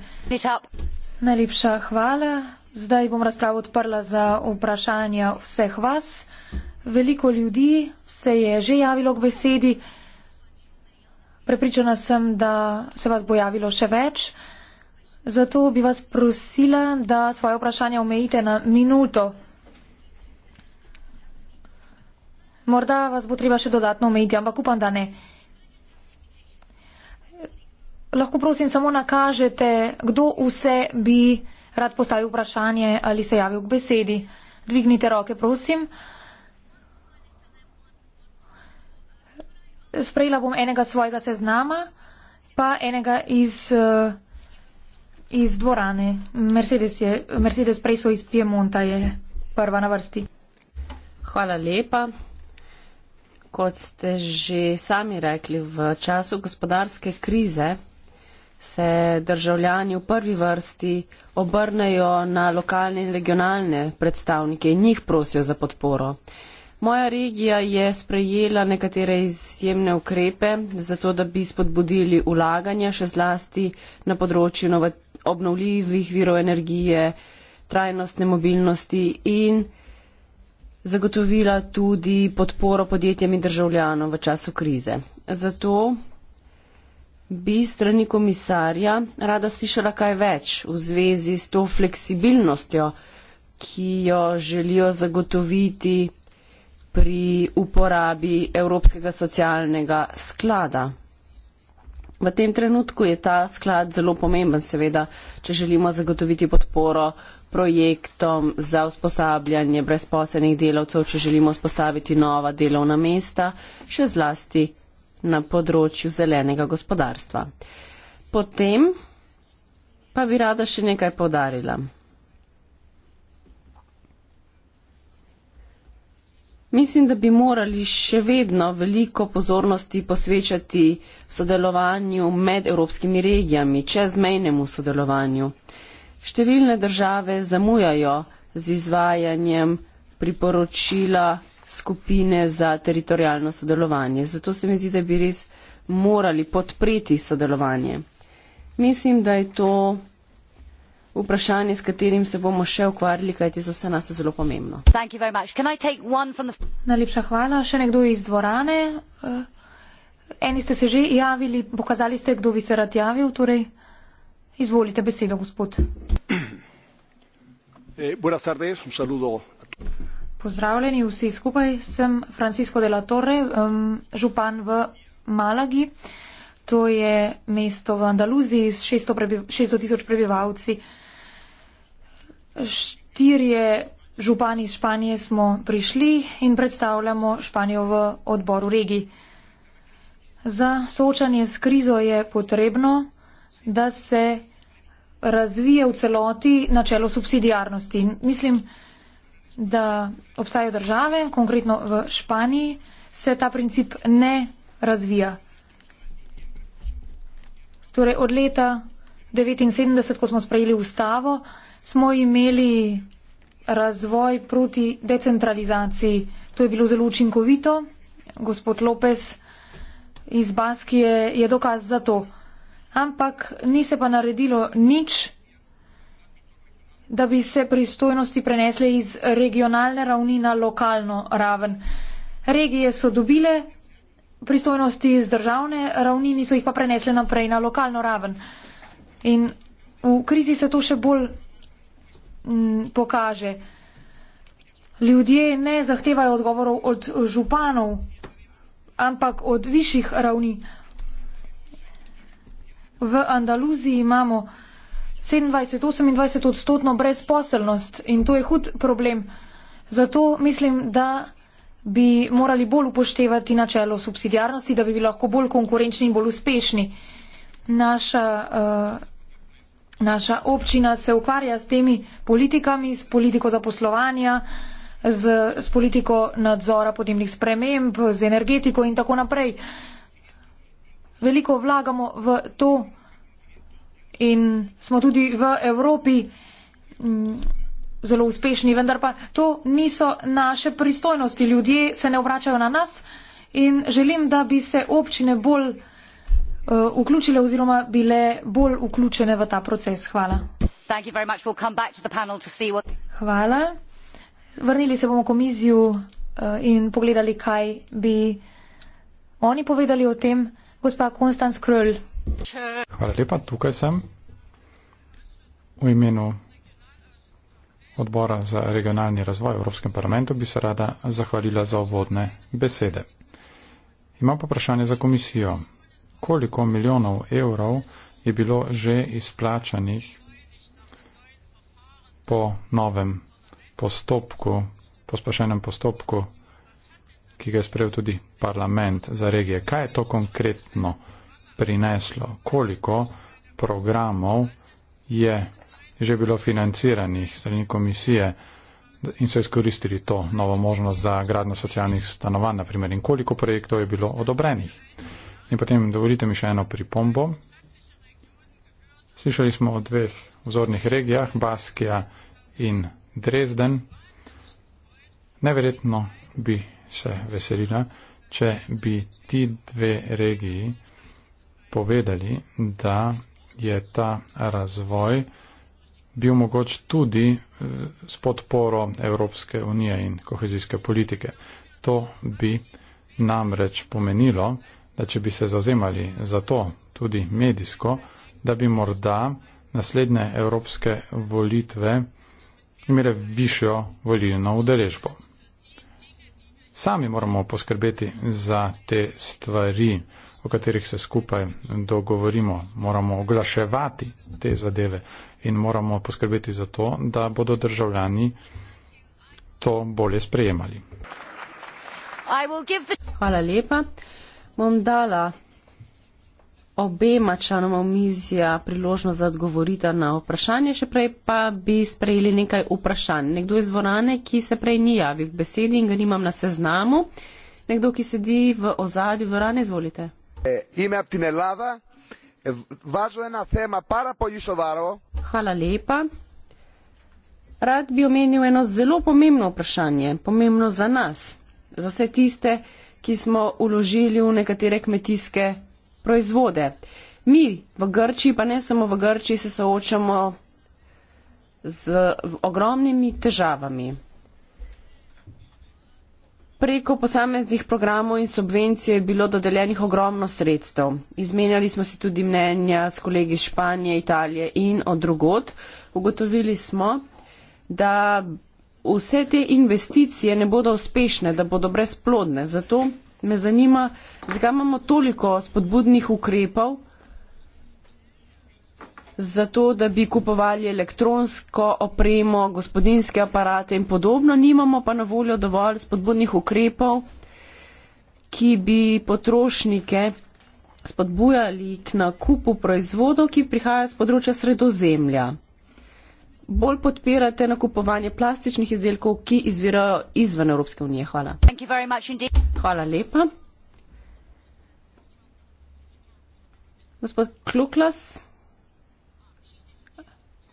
Najlepša hvala. Zdaj bom razpravo odprla za vprašanja vseh vas. Veliko ljudi se je že javilo k besedi. Prepričana sem, da se vas bo javilo še več. Zato bi vas prosila, da svoje vprašanje omejite na minuto. Morda vas bo treba še dodatno omejiti, ampak upam, da ne. Lahko prosim samo nakažete, kdo vse bi rad postavil vprašanje ali se javil k besedi. Dvignite roke, prosim. Sprejela bom enega svojega seznama, pa enega iz. Uh, iz dvorane. Mercedes, je, Mercedes Preso iz Piemonta je prva na vrsti. Hvala lepa. Kot ste že sami rekli, v času gospodarske krize se državljani v prvi vrsti obrnejo na lokalne in regionalne predstavnike in njih prosijo za podporo. Moja regija je sprejela nekatere izjemne ukrepe, zato da bi spodbudili ulaganja, še zlasti na področju novat obnovljivih virov energije, trajnostne mobilnosti in zagotovila tudi podporo podjetjem in državljanom v času krize. Zato bi strani komisarja rada slišala kaj več v zvezi s to fleksibilnostjo, ki jo želijo zagotoviti pri uporabi Evropskega socialnega sklada v tem trenutku je ta sklad zelo pomemben, seveda, če želimo zagotoviti podporo projektom za usposabljanje brezposelnih delavcev, če želimo spostaviti nova delovna mesta, še zlasti na področju zelenega gospodarstva. Potem pa bi rada še nekaj podarila. Mislim, da bi morali še vedno veliko pozornosti posvečati sodelovanju med evropskimi regijami, čezmejnemu sodelovanju. Številne države zamujajo z izvajanjem priporočila skupine za teritorijalno sodelovanje. Zato se mi zdi, da bi res morali podpreti sodelovanje. Mislim, da je to vprašanje, s katerim se bomo še ukvarjali, kajti so vse nas zelo pomembno. Najlepša hvala. Še nekdo iz dvorane. Eh, eni ste se že javili, pokazali ste, kdo bi se rad javil. Torej, izvolite besedo, gospod. [clears throat] Eh, Pozdravljeni vsi skupaj. Sem Francisco de la Torre, župan v Malagi. To je mesto v Andaluziji s 600 tisoč prebivalci štirje župani iz Španije smo prišli in predstavljamo Španijo v odboru regij. Za soočanje s krizo je potrebno, da se razvije v celoti načelo subsidijarnosti. Mislim, da obstajajo države, konkretno v Španiji, se ta princip ne razvija. Torej, od leta 1979, ko smo sprejeli ustavo, smo imeli razvoj proti decentralizaciji. To je bilo zelo učinkovito. Gospod Lopes iz Baskije je dokaz za to. Ampak ni se pa naredilo nič, da bi se pristojnosti prenesle iz regionalne ravni na lokalno raven. Regije so dobile pristojnosti iz državne ravni, niso jih pa prenesle naprej na lokalno raven. In v krizi se to še bolj m, mm, pokaže. Ljudje ne zahtevajo odgovorov od županov, ampak od višjih ravni. V Andaluziji imamo 27-28 odstotno brezposelnost in to je hud problem. Zato mislim, da bi morali bolj upoštevati načelo subsidijarnosti, da bi bili lahko bolj konkurenčni in bolj uspešni. Naša uh, Naša občina se ukvarja s temi politikami, s politiko zaposlovanja, z, s politiko nadzora podnebnih sprememb, z energetiko in tako naprej. Veliko vlagamo v to in smo tudi v Evropi mm, zelo uspešni, vendar pa to niso naše pristojnosti. Ljudje se ne obračajo na nas in želim, da bi se občine bolj uh, vključile oziroma bile bolj vključene v ta proces. Hvala. Hvala. Vrnili se bomo v komisijo eh, in pogledali, kaj bi oni povedali o tem. Gospa Konstanc Krl. Hvala lepa, tukaj sem v imenu odbora za regionalni razvoj v Evropskem parlamentu bi se rada zahvalila za uvodne besede. Imam pa vprašanje za komisijo koliko milijonov evrov je bilo že izplačanih po novem postopku, pospešenem postopku, ki ga je sprejel tudi parlament za regije. Kaj je to konkretno prineslo? Koliko programov je že bilo financiranih strani komisije in so izkoristili to novo možnost za gradno socialnih stanovanj, naprimer, in koliko projektov je bilo odobrenih? In potem dovolite mi še eno pripombo. Slišali smo o dveh vzornih regijah, Baskija in Dresden. Neverjetno bi se veselila, če bi ti dve regiji povedali, da je ta razvoj bil mogoč tudi eh, s podporo Evropske unije in kohezijske politike. To bi namreč pomenilo, da če bi se zazemali za to tudi medijsko, da bi morda naslednje evropske volitve imele višjo volilno udeležbo. Sami moramo poskrbeti za te stvari, o katerih se skupaj dogovorimo. Moramo oglaševati te zadeve in moramo poskrbeti za to, da bodo državljani to bolje sprejemali. Hvala lepa bom dala obema članoma omizja priložnost, da odgovorita na vprašanje, še prej pa bi sprejeli nekaj vprašanj. Nekdo iz dvorane, ki se prej ni javil k besedi in ga nimam na seznamu, nekdo, ki sedi v ozadju dvorane, izvolite. E, ime Aptinelava, e, važno je na tema para polišovarov. Hvala lepa. Rad bi omenil eno zelo pomembno vprašanje, pomembno za nas, za vse tiste, ki ki smo uložili v nekatere kmetijske proizvode. Mi v Grčiji, pa ne samo v Grčiji, se soočamo z ogromnimi težavami. Preko posameznih programov in subvencij je bilo dodeljenih ogromno sredstev. Izmenjali smo si tudi mnenja s kolegi iz Španije, Italije in od drugod. Ugotovili smo, da vse te investicije ne bodo uspešne, da bodo brezplodne. Zato me zanima, zakaj imamo toliko spodbudnih ukrepov za to, da bi kupovali elektronsko opremo, gospodinske aparate in podobno, nimamo pa na voljo dovolj spodbudnih ukrepov, ki bi potrošnike spodbujali k nakupu proizvodov, ki prihajajo z področja sredozemlja bolj podpirate nakupovanje plastičnih izdelkov, ki izvirajo izven Evropske unije. Hvala. Hvala lepa. Gospod Kluklas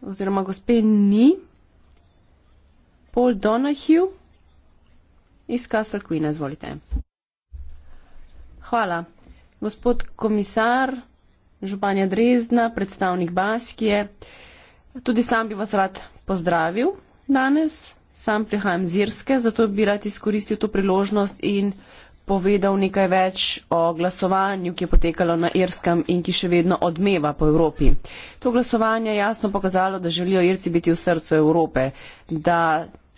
oziroma gospe Ni, Paul Donahue iz Castle Queen, izvolite. Hvala. Gospod komisar, županja Drezna, predstavnik Baskije. Uh, Tudi sam bi vas rad pozdravil danes, sam prihajam z Irske, zato bi rad izkoristil to priložnost in povedal nekaj več o glasovanju, ki je potekalo na Irskem in ki še vedno odmeva po Evropi. To glasovanje je jasno pokazalo, da želijo Irci biti v srcu Evrope, da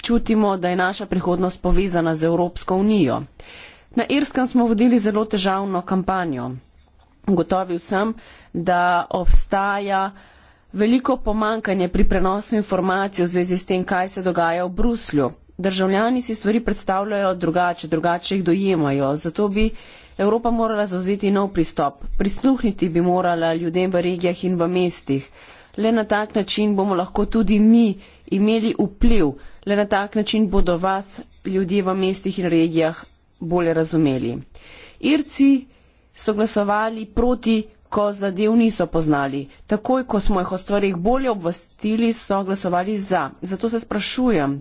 čutimo, da je naša prihodnost povezana z Evropsko unijo. Na Irskem smo vodili zelo težavno kampanjo. Gotovil sem, da obstaja veliko pomankanje pri prenosu informacij v zvezi s tem, kaj se dogaja v Bruslju. Državljani si stvari predstavljajo drugače, drugače jih dojemajo, zato bi Evropa morala zauzeti nov pristop. Prisluhniti bi morala ljudem v regijah in v mestih. Le na tak način bomo lahko tudi mi imeli vpliv, le na tak način bodo vas ljudje v mestih in regijah bolje razumeli. Irci so glasovali proti ko zadev niso poznali. Takoj, ko smo jih o stvarih bolje obvestili, so glasovali za. Zato se sprašujem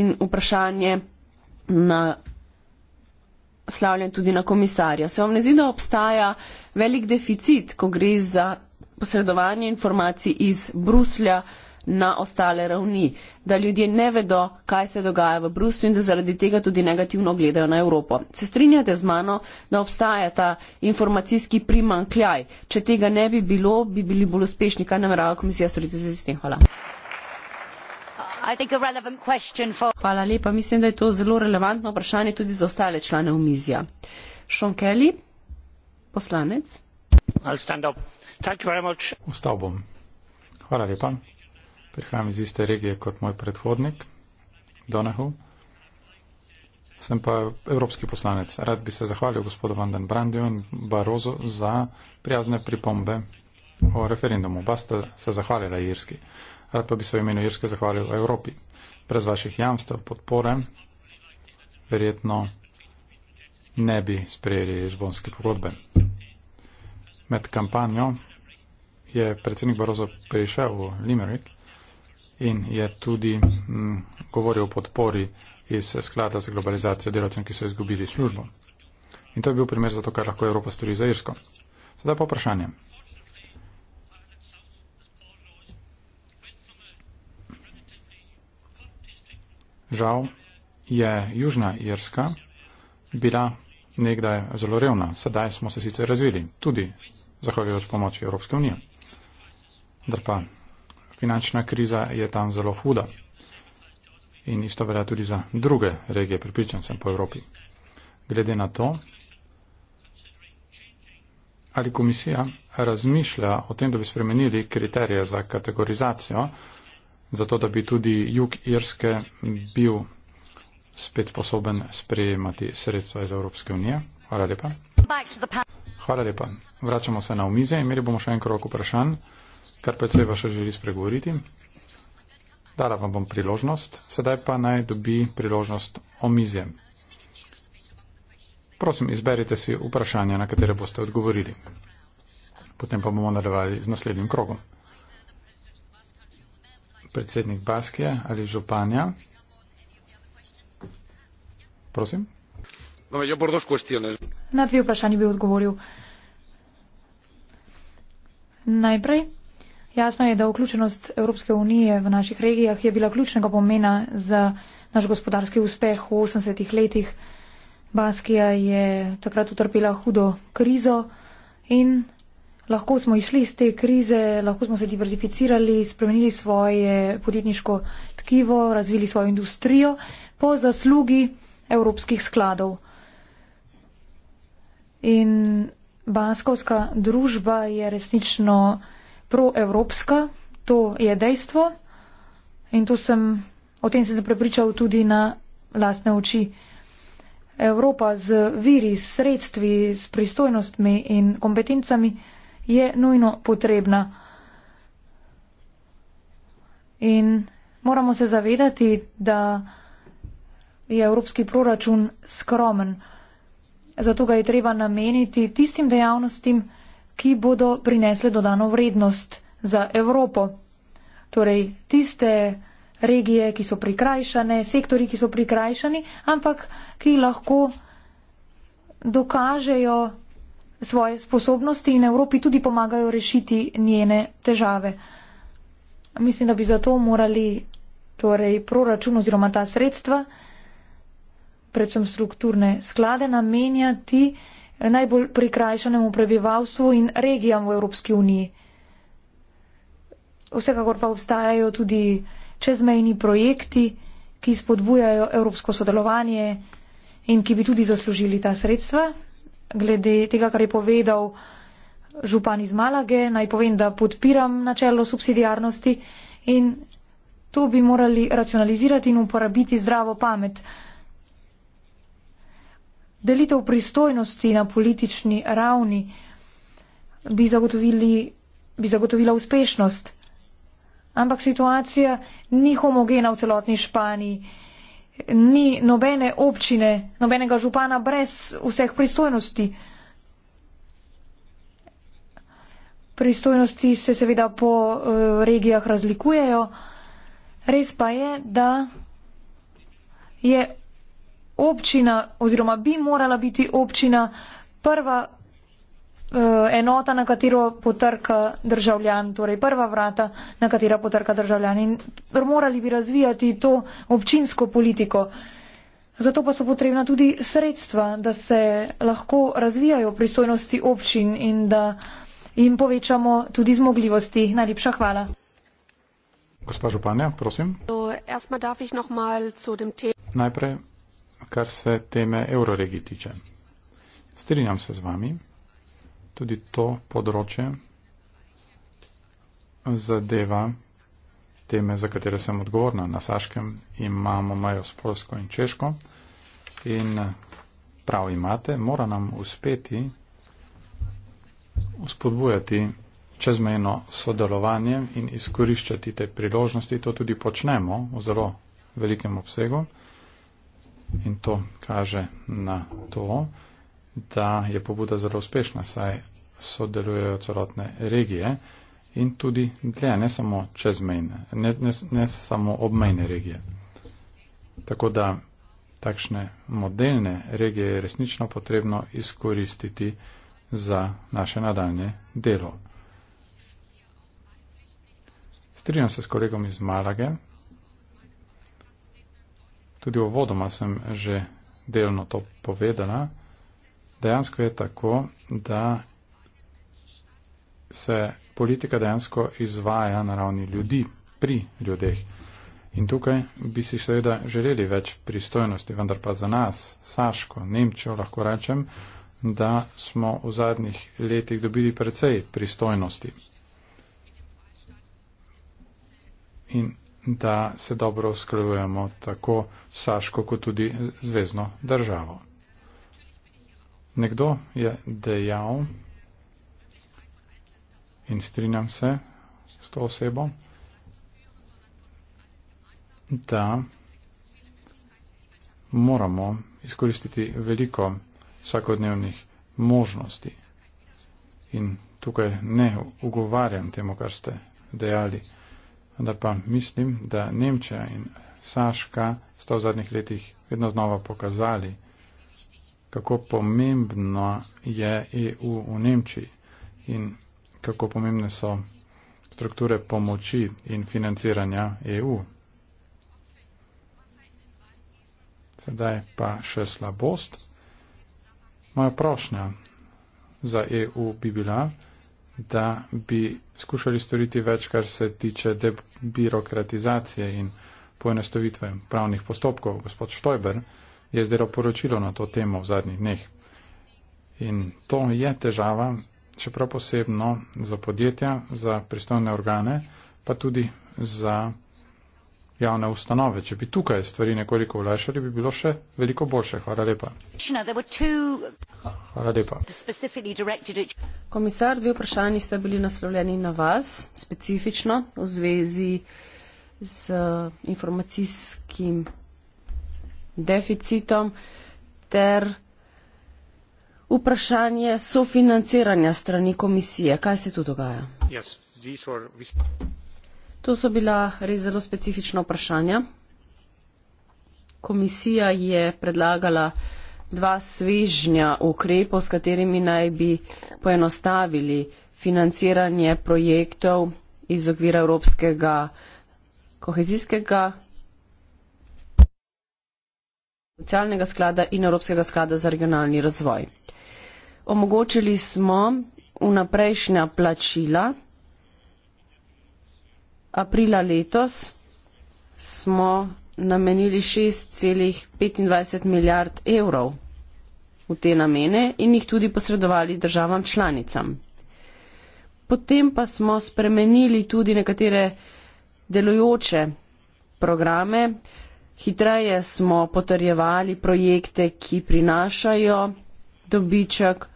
in vprašanje na slavljen tudi na komisarja. Se vam ne zdi, da obstaja velik deficit, ko gre za posredovanje informacij iz Bruslja? na ostale ravni, da ljudje ne vedo, kaj se dogaja v Bruslju in da zaradi tega tudi negativno gledajo na Evropo. Se strinjate z mano, da obstaja ta informacijski primankljaj? Če tega ne bi bilo, bi bili bolj uspešni. Kaj namerava komisija storiti z tem? Hvala. Hvala lepa. Mislim, da je to zelo relevantno vprašanje tudi za ostale člane omizja. Sean Kelly, poslanec. Ustal bom. Hvala lepa prihajam iz iste regije kot moj predhodnik, Donahu. Sem pa evropski poslanec. Rad bi se zahvalil gospodu Van den Brandiju in Barozu za prijazne pripombe o referendumu. Basta se zahvalila Irski. Rad pa bi se v imenu Irske zahvalil Evropi. Brez vaših jamstev, podpore, verjetno ne bi sprejeli izbonske pogodbe. Med kampanjo je predsednik Barozo prišel v Limerick in je tudi m, mm, govoril o podpori iz sklada za globalizacijo delavcem, ki so izgubili službo. In to je bil primer za to, kar lahko Evropa stori za Irsko. Sedaj pa vprašanje. Žal je Južna Irska bila nekdaj zelo revna. Sedaj smo se sicer razvili, tudi zahvaljujoč pomoči Evropske unije. Drpa, finančna kriza je tam zelo huda. In isto velja tudi za druge regije, pripričan sem po Evropi. Glede na to, ali komisija razmišlja o tem, da bi spremenili kriterije za kategorizacijo, zato da bi tudi jug Irske bil spet sposoben sprejemati sredstva iz Evropske unije. Hvala lepa. Hvala lepa. Vračamo se na omize. Imeli bomo še en krok vprašanj kar pa seveda še želi spregovoriti. Dala vam bom priložnost, sedaj pa naj dobi priložnost omizje. Prosim, izberite si vprašanje, na katere boste odgovorili. Potem pa bomo nadaljevali z naslednjim krogom. Predsednik Baskije ali županja. Prosim. No, ja, na dve vprašanje bi odgovoril. Najprej. Jasno je, da vključenost Evropske unije v naših regijah je bila ključnega pomena za naš gospodarski uspeh v 80-ih letih. Baskija je takrat utrpela hudo krizo in lahko smo išli iz te krize, lahko smo se diverzificirali, spremenili svoje podjetniško tkivo, razvili svojo industrijo po zaslugi evropskih skladov. In baskovska družba je resnično proevropska, to je dejstvo in to sem, o tem sem se prepričal tudi na lastne oči. Evropa z viri, s sredstvi, s pristojnostmi in kompetencami je nujno potrebna. In moramo se zavedati, da je evropski proračun skromen. Zato ga je treba nameniti tistim dejavnostim, ki bodo prinesle dodano vrednost za Evropo. Torej tiste regije, ki so prikrajšane, sektori, ki so prikrajšani, ampak ki lahko dokažejo svoje sposobnosti in Evropi tudi pomagajo rešiti njene težave. Mislim, da bi zato morali torej, proračun oziroma ta sredstva, predvsem strukturne sklade, namenjati najbolj prikrajšanemu prebivalstvu in regijam v Evropski uniji. Vsekakor pa obstajajo tudi čezmejni projekti, ki spodbujajo evropsko sodelovanje in ki bi tudi zaslužili ta sredstva. Glede tega, kar je povedal župan iz Malage, naj povem, da podpiram načelo subsidijarnosti in to bi morali racionalizirati in uporabiti zdravo pamet delitev pristojnosti na politični ravni bi, bi zagotovila uspešnost. Ampak situacija ni homogena v celotni Španiji. Ni nobene občine, nobenega župana brez vseh pristojnosti. Pristojnosti se seveda po eh, regijah razlikujejo. Res pa je, da je občina oziroma bi morala biti občina prva uh, enota, na katero potrka državljan, torej prva vrata, na katera potrka državljan. In morali bi razvijati to občinsko politiko. Zato pa so potrebna tudi sredstva, da se lahko razvijajo pristojnosti občin in da jim povečamo tudi zmogljivosti. Najlepša hvala. Gospa županja, prosim. Najprej kar se teme euroregi tiče. Strinjam se z vami, tudi to področje zadeva teme, za katere sem odgovorna. Na Saškem imamo majo s Polsko in Češko in prav imate, mora nam uspeti uspodbujati čezmejno sodelovanje in izkoriščati te priložnosti. To tudi počnemo v zelo velikem obsegu. In to kaže na to, da je pobuda zelo uspešna, saj sodelujejo celotne regije in tudi dlje, ne samo čezmejne, ne, ne, ne samo obmejne regije. Tako da takšne modelne regije je resnično potrebno izkoristiti za naše nadaljne delo. Strinjam se s kolegom iz Malage, Tudi v vodoma sem že delno to povedala. Dejansko je tako, da se politika dejansko izvaja na ravni ljudi, pri ljudeh. In tukaj bi si seveda želeli več pristojnosti, vendar pa za nas, Saško, Nemčijo, lahko rečem, da smo v zadnjih letih dobili precej pristojnosti. In da se dobro usklajujemo tako Saško kot tudi zvezdno državo. Nekdo je dejal in strinjam se s to osebo, da moramo izkoristiti veliko vsakodnevnih možnosti. In tukaj ne ugovarjam temu, kar ste dejali vendar pa mislim, da Nemčija in Saška sta v zadnjih letih vedno znova pokazali, kako pomembno je EU v Nemčiji in kako pomembne so strukture pomoči in financiranja EU. Sedaj pa še slabost. Moja prošnja za EU bi bila, da bi skušali storiti več, kar se tiče debirokratizacije in poenostavitve pravnih postopkov. Gospod Štojber je zdelo poročilo na to temo v zadnjih dneh. In to je težava, čeprav posebno za podjetja, za pristojne organe, pa tudi za javne ustanove. Če bi tukaj stvari nekoliko vlešali, bi bilo še veliko boljše. Hvala lepa. Hvala lepa. Komisar, dve vprašanji sta bili naslovljeni na vas, specifično v zvezi z eh, informacijskim deficitom ter vprašanje sofinanciranja strani komisije. Kaj se tu dogaja? Yes, these were... To so bila res zelo specifična vprašanja. Komisija je predlagala dva svežnja ukrepov, s katerimi naj bi poenostavili financiranje projektov iz okvira Evropskega kohezijskega socialnega sklada in Evropskega sklada za regionalni razvoj. Omogočili smo vnaprejšnja plačila aprila letos smo namenili 6,25 milijard evrov v te namene in jih tudi posredovali državam članicam. Potem pa smo spremenili tudi nekatere delujoče programe, hitreje smo potrjevali projekte, ki prinašajo dobiček,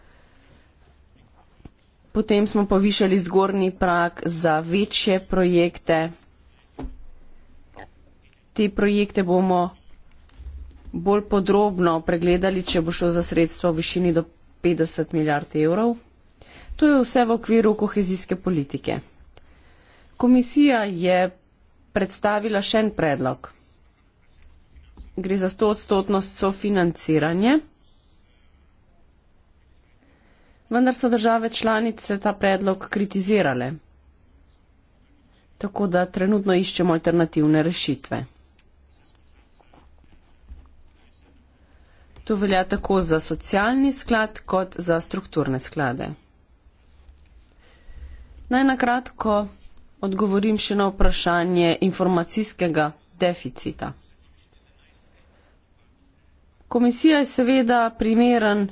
potem smo povišali zgornji prak za večje projekte. Te projekte bomo bolj podrobno pregledali, če bo šlo za sredstva v višini do 50 milijard evrov. To je vse v okviru kohezijske politike. Komisija je predstavila še en predlog. Gre za 100-odstotnost sofinanciranje vendar so države članice ta predlog kritizirale. Tako da trenutno iščemo alternativne rešitve. To velja tako za socialni sklad kot za strukturne sklade. Naj nakratko odgovorim še na vprašanje informacijskega deficita. Komisija je seveda primeren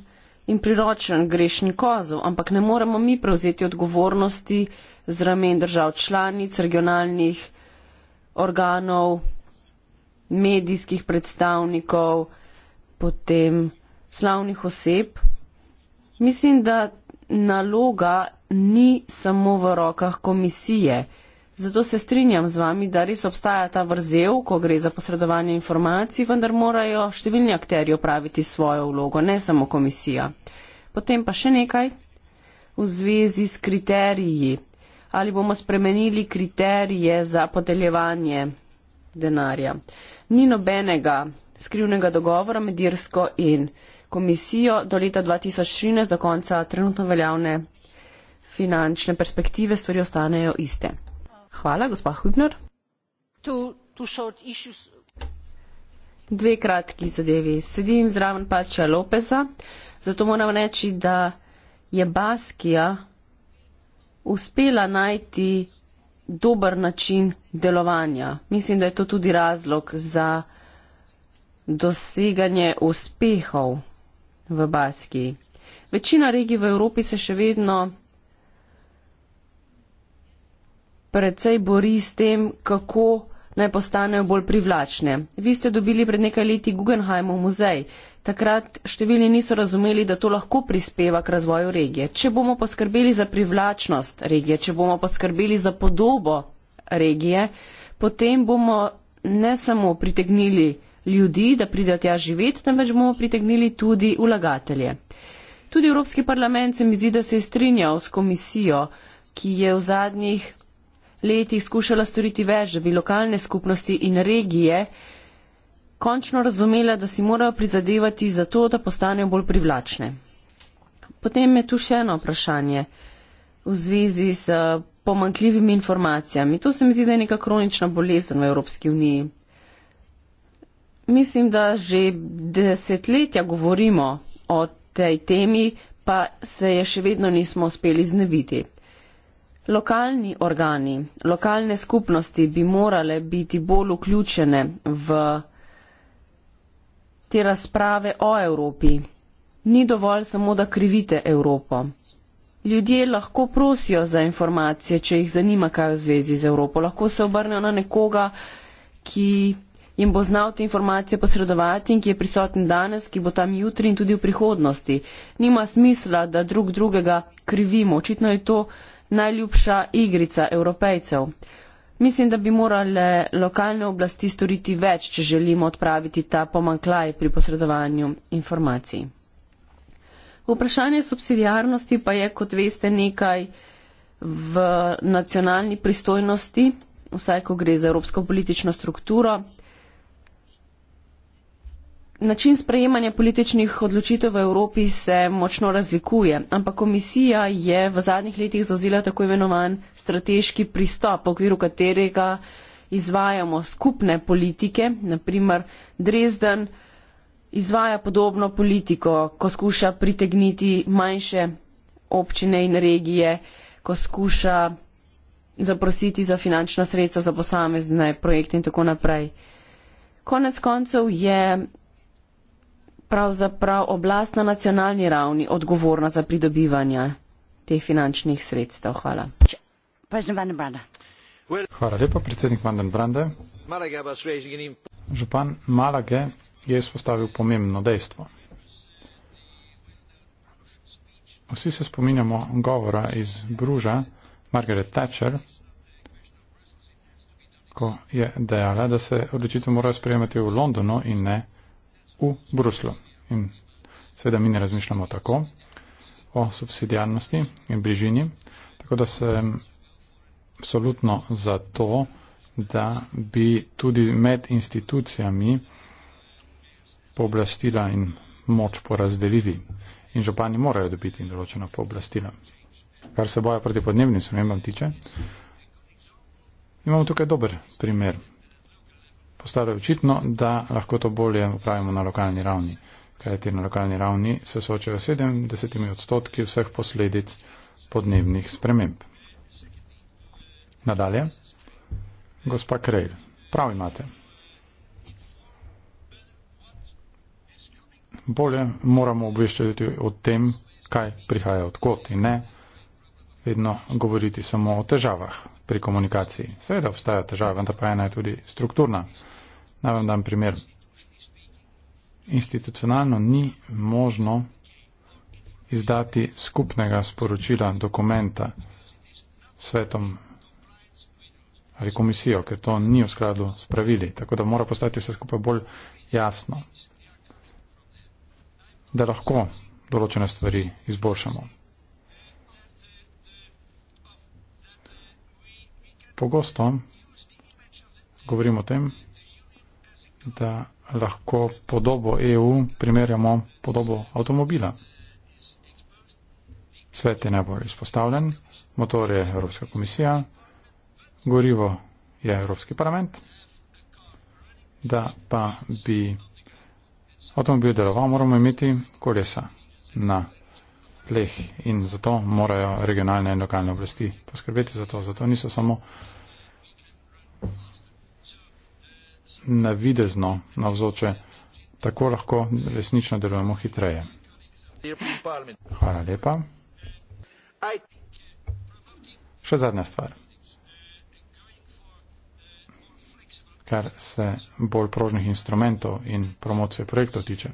in priročen grešni kozel, ampak ne moremo mi prevzeti odgovornosti z ramen držav članic, regionalnih organov, medijskih predstavnikov, potem slavnih oseb. Mislim, da naloga ni samo v rokah komisije. Zato se strinjam z vami, da res obstaja ta vrzel, ko gre za posredovanje informacij, vendar morajo številni akteri opraviti svojo vlogo, ne samo komisija. Potem pa še nekaj v zvezi s kriteriji. Ali bomo spremenili kriterije za podeljevanje denarja? Ni nobenega skrivnega dogovora med Irsko in komisijo do leta 2013, do konca trenutno veljavne finančne perspektive, stvari ostanejo iste dve kratki zadevi. Sedim zraven Pača Lopeza, zato moram reči, da je Baskija uspela najti dober način delovanja. Mislim, da je to tudi razlog za doseganje uspehov v Baskiji. Večina regij v Evropi se še vedno precej bori s tem, kako naj postanejo bolj privlačne. Vi ste dobili pred nekaj leti Guggenheimov muzej. Takrat številni niso razumeli, da to lahko prispeva k razvoju regije. Če bomo poskrbeli za privlačnost regije, če bomo poskrbeli za podobo regije, potem bomo ne samo pritegnili ljudi, da pridejo tja živeti, temveč bomo pritegnili tudi ulagatelje. Tudi Evropski parlament se mi zdi, da se je strinjal s komisijo, ki je v zadnjih letih skušala storiti več, da bi lokalne skupnosti in regije končno razumela, da si morajo prizadevati za to, da postanejo bolj privlačne. Potem je tu še eno vprašanje v zvezi s eh, pomankljivimi informacijami. To se mi zdi, da je neka kronična bolezen v Evropski uniji. Mislim, da že desetletja govorimo o tej temi, pa se je še vedno nismo uspeli znebiti. Lokalni organi, lokalne skupnosti bi morale biti bolj vključene v te razprave o Evropi. Ni dovolj samo, da krivite Evropo. Ljudje lahko prosijo za informacije, če jih zanima, kaj v zvezi z Evropo. Lahko se obrnejo na nekoga, ki jim bo znal te informacije posredovati in ki je prisoten danes, ki bo tam jutri in tudi v prihodnosti. Nima smisla, da drug drugega krivimo. Očitno je to najljubša igrica evropejcev. Mislim, da bi morale lokalne oblasti storiti več, če želimo odpraviti ta pomanklaj pri posredovanju informacij. Vprašanje subsidijarnosti pa je, kot veste, nekaj v nacionalni pristojnosti, vsaj ko gre za evropsko politično strukturo. Način sprejemanja političnih odločitev v Evropi se močno razlikuje, ampak komisija je v zadnjih letih zauzela tako imenovan strateški pristop, v okviru katerega izvajamo skupne politike, naprimer Dresden izvaja podobno politiko, ko skuša pritegniti manjše občine in regije, ko skuša zaprositi za finančna sredstva za posamezne projekte in tako naprej. Konec koncev je pravzaprav oblast na nacionalni ravni odgovorna za pridobivanje teh finančnih sredstev. Hvala. Hvala lepa, predsednik Vanden Brande. Župan Malage je izpostavil pomembno dejstvo. Vsi se spominjamo govora iz Bruža Margaret Thatcher, ko je dejala, da se odločitev morajo sprejemati v Londonu in ne v Londonu v Bruslu. In seveda mi ne razmišljamo tako o subsidijarnosti in bližini, tako da sem absolutno za to, da bi tudi med institucijami pooblastila in moč porazdelili. In župani morajo dobiti določena pooblastila. Kar se boja proti podnebnim spremembam tiče, imamo tukaj dober primer postalo je očitno, da lahko to bolje upravimo na lokalni ravni. Kaj ti na lokalni ravni se soočajo 70 odstotki vseh posledic podnebnih sprememb. Nadalje, gospa Krejl, prav imate. Bolje moramo obveščati o tem, kaj prihaja odkot in ne vedno govoriti samo o težavah pri komunikaciji. Seveda obstaja težava, vendar pa ena je tudi strukturna. Naj vam dam primer. Institucionalno ni možno izdati skupnega sporočila dokumenta svetom ali komisijo, ker to ni v skladu s pravili. Tako da mora postati vse skupaj bolj jasno, da lahko določene stvari izboljšamo. Pogosto govorimo o tem, da lahko podobo EU primerjamo podobo avtomobila. Svet je najbolj izpostavljen, motor je Evropska komisija, gorivo je Evropski parlament, da pa bi avtomobil deloval, moramo imeti kolesa na tleh in zato morajo regionalne in lokalne oblasti poskrbeti za to. Zato niso samo navidezno navzoče, tako lahko resnično delujemo hitreje. Hvala lepa. Še zadnja stvar. kar se bolj prožnih instrumentov in promocije projektov tiče.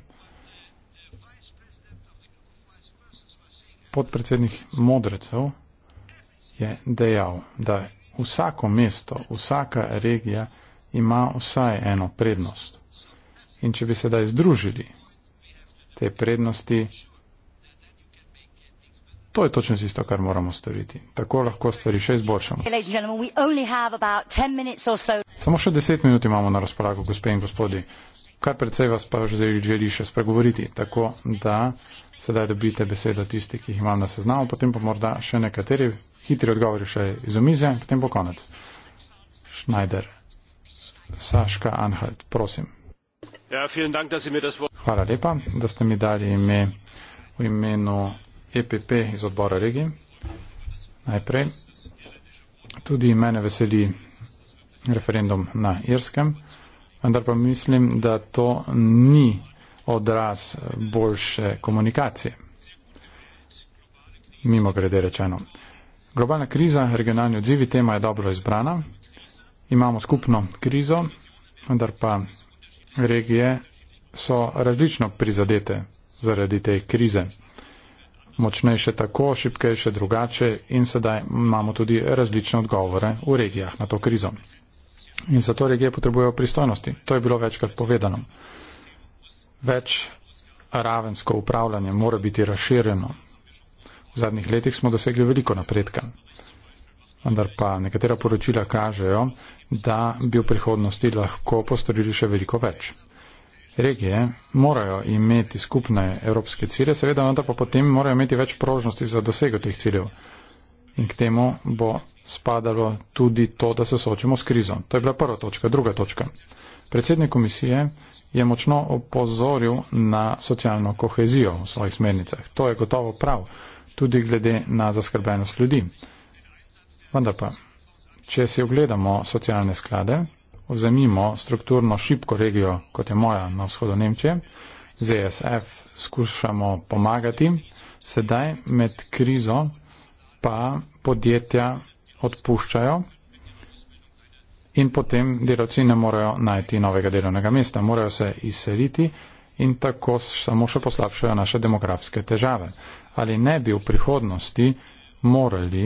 Podpredsednik Modrecev je dejal, da vsako mesto, vsaka regija ima vsaj eno prednost. In če bi sedaj združili te prednosti, To je točno tisto, kar moramo storiti. Tako lahko stvari še izboljšamo. Samo še deset minut imamo na razpolago, gospe in gospodi. Kar predvsej vas pa že želi še spregovoriti, tako da sedaj dobite besedo tisti, ki jih imam na seznamu, potem pa morda še nekateri hitri odgovori še iz omize, potem bo konec. Schneider. Saška Anhalt, prosim. Ja, Hvala lepa, da ste mi dali ime v imenu EPP iz odbora regije. Najprej, tudi mene veseli referendum na Irskem, vendar pa mislim, da to ni odraz boljše komunikacije. Mimo grede rečeno. Globalna kriza, regionalni odzivi, tema je dobro izbrana imamo skupno krizo, vendar pa regije so različno prizadete zaradi te krize. Močnejše tako, šipkejše drugače in sedaj imamo tudi različne odgovore v regijah na to krizo. In zato regije potrebujejo pristojnosti. To je bilo večkrat povedano. Več ravensko upravljanje mora biti razširjeno. V zadnjih letih smo dosegli veliko napredka vendar pa nekatera poročila kažejo, da bi v prihodnosti lahko postorili še veliko več. Regije morajo imeti skupne evropske cilje, seveda vendar pa potem morajo imeti več prožnosti za dosego teh ciljev. In k temu bo spadalo tudi to, da se soočimo s krizo. To je bila prva točka. Druga točka. Predsednik komisije je močno opozoril na socialno kohezijo v svojih smernicah. To je gotovo prav, tudi glede na zaskrbenost ljudi. Vendar pa, če si ogledamo socialne sklade, vzemimo strukturno šipko regijo, kot je moja na vzhodu Nemčije, ZSF e skušamo pomagati, sedaj med krizo pa podjetja odpuščajo in potem delavci ne morejo najti novega delovnega mesta, morajo se izseliti in tako samo še poslabšajo naše demografske težave. Ali ne bi v prihodnosti morali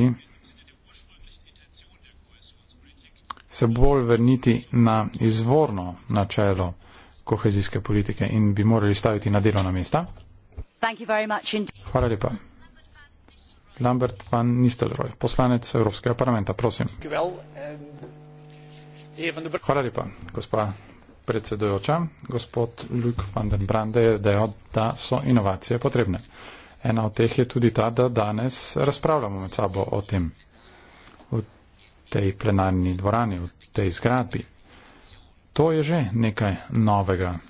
se bolj vrniti na izvorno načelo kohezijske politike in bi morali staviti na delovna mesta. Hvala lepa. Lambert van Nistelrooy, poslanec Evropskega parlamenta, prosim. Ehm, Hvala lepa, gospa predsedojoča. Gospod Luke van den Brande je dejal, da so inovacije potrebne. Ena od teh je tudi ta, da danes razpravljamo med sabo o tem tej plenarni dvorani, v tej zgradbi. To je že nekaj novega.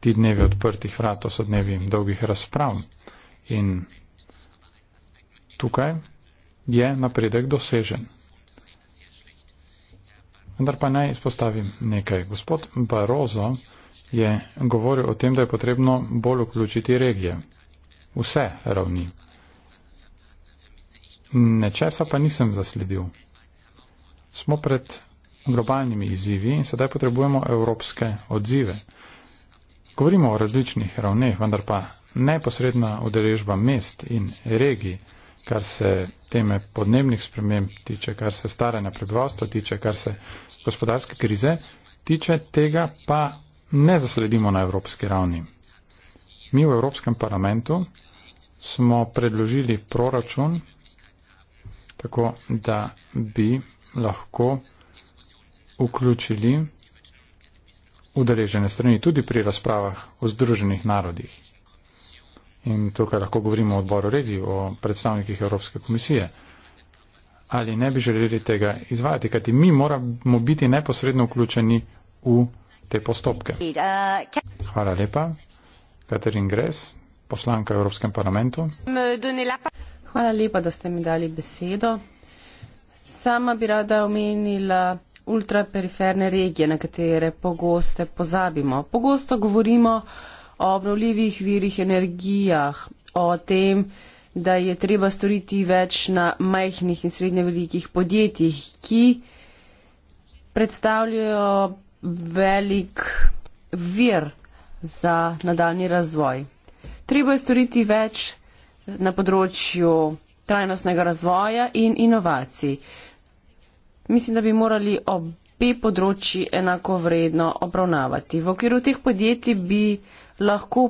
Ti dnevi odprtih vrat, to so dnevi dolgih razprav. In tukaj je napredek dosežen. Vendar pa naj izpostavim nekaj. Gospod Barozo je govoril o tem, da je potrebno bolj vključiti regije. Vse ravni. Nečesa pa nisem zasledil smo pred globalnimi izzivi in sedaj potrebujemo evropske odzive. Govorimo o različnih ravneh, vendar pa neposredna udeležba mest in regij, kar se teme podnebnih sprememb tiče, kar se staranja prebivalstva tiče, kar se gospodarske krize tiče, tega pa ne zasledimo na evropski ravni. Mi v Evropskem parlamentu smo predložili proračun tako, da bi lahko vključili udeležene strani tudi pri razpravah o Združenih narodih. In tukaj lahko govorimo o odboru regij, o predstavnikih Evropske komisije. Ali ne bi želeli tega izvajati, kajti mi moramo biti neposredno vključeni v te postopke. Hvala lepa. Katerin Gres, poslanka Evropskem parlamentu. Hvala lepa, da ste mi dali besedo. Sama bi rada omenila ultraperiferne regije, na katere pogoste pozabimo. Pogosto govorimo o obnovljivih virih energijah, o tem, da je treba storiti več na majhnih in srednje velikih podjetjih, ki predstavljajo velik vir za nadaljni razvoj. Treba je storiti več na področju trajnostnega razvoja in inovacij. Mislim, da bi morali obe področji enako vredno obravnavati. V okviru teh podjetij bi lahko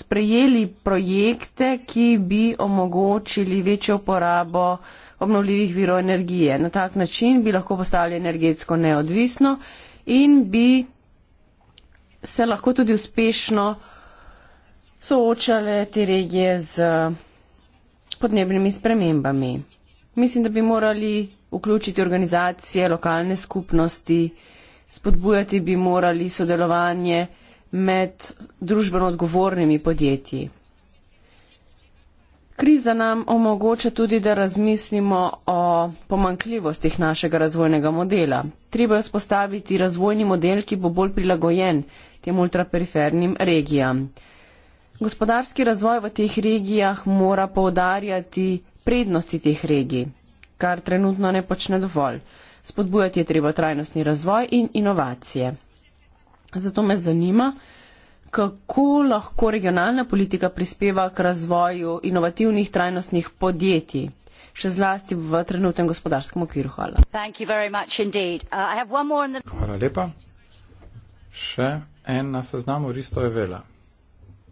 sprejeli projekte, ki bi omogočili večjo uporabo obnovljivih virov energije. Na tak način bi lahko postali energetsko neodvisno in bi se lahko tudi uspešno soočale te regije z. Uh, podnebnimi spremembami. Mislim, da bi morali vključiti organizacije, lokalne skupnosti, spodbujati bi morali sodelovanje med družbeno odgovornimi podjetji. Kriza nam omogoča tudi, da razmislimo o pomankljivostih našega razvojnega modela. Treba je vzpostaviti razvojni model, ki bo bolj prilagojen tem ultraperifernim regijam. Gospodarski razvoj v teh regijah mora poudarjati prednosti teh regij, kar trenutno ne počne dovolj. Spodbujati je treba trajnostni razvoj in inovacije. Zato me zanima, kako lahko regionalna politika prispeva k razvoju inovativnih trajnostnih podjetij. Še zlasti v trenutnem gospodarskem okviru. Hvala. Uh, the... Hvala lepa. Še en na seznamu, Risto Evela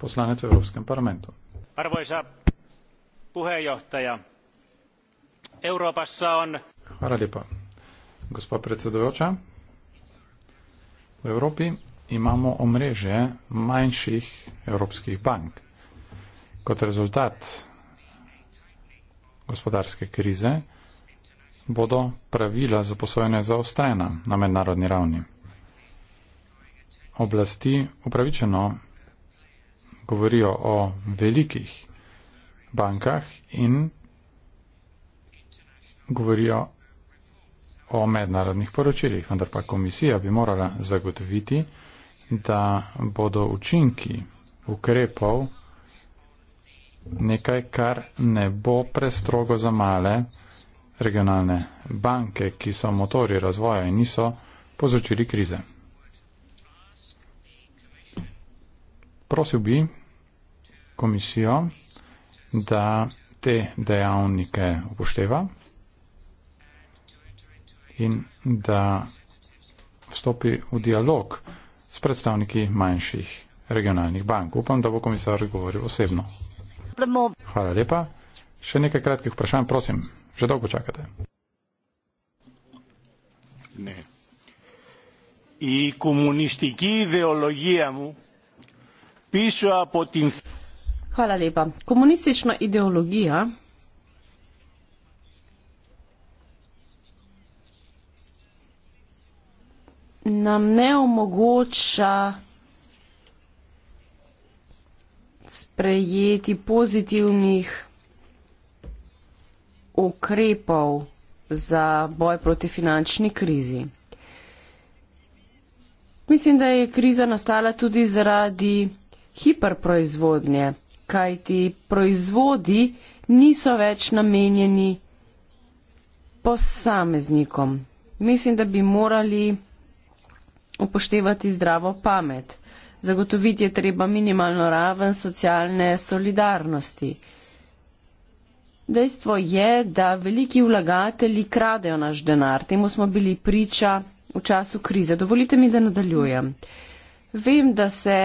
poslanec v evropskem parlamentu. Hvala lepa. Gospa predsedujoča, v Evropi imamo omrežje manjših evropskih bank. Kot rezultat gospodarske krize bodo pravila za posojanje zaostajena na mednarodni ravni. Oblasti upravičeno govorijo o velikih bankah in govorijo o mednarodnih poročilih, vendar pa komisija bi morala zagotoviti, da bodo učinki ukrepov nekaj, kar ne bo prestrogo za male regionalne banke, ki so motori razvoja in niso povzročili krize. Prosil bi komisijo, da te dejavnike upošteva in da vstopi v dialog s predstavniki manjših regionalnih bank. Upam, da bo komisar govoril osebno. Hvala lepa. Še nekaj kratkih vprašanj, prosim. Že dolgo čakate. Ne. I komunistiki ideologija mu pišu apotim... Hvala lepa. Komunistična ideologija nam ne omogoča sprejeti pozitivnih ukrepov za boj proti finančni krizi. Mislim, da je kriza nastala tudi zaradi hiperproizvodnje kajti proizvodi niso več namenjeni posameznikom. Mislim, da bi morali upoštevati zdravo pamet. Zagotoviti je treba minimalno raven socialne solidarnosti. Dejstvo je, da veliki vlagatelji kradejo naš denar. Temu smo bili priča v času krize. Dovolite mi, da nadaljujem. Vem, da se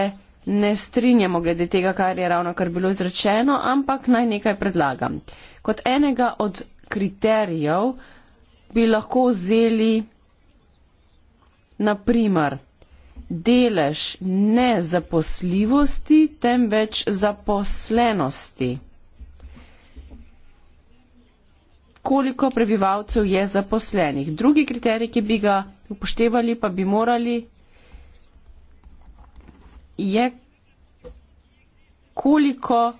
ne strinjamo glede tega, kar je ravno kar bilo izrečeno, ampak naj nekaj predlagam. Kot enega od kriterijev bi lahko vzeli naprimer delež ne zaposljivosti, temveč zaposlenosti. Koliko prebivalcev je zaposlenih? Drugi kriterij, ki bi ga upoštevali, pa bi morali je, koliko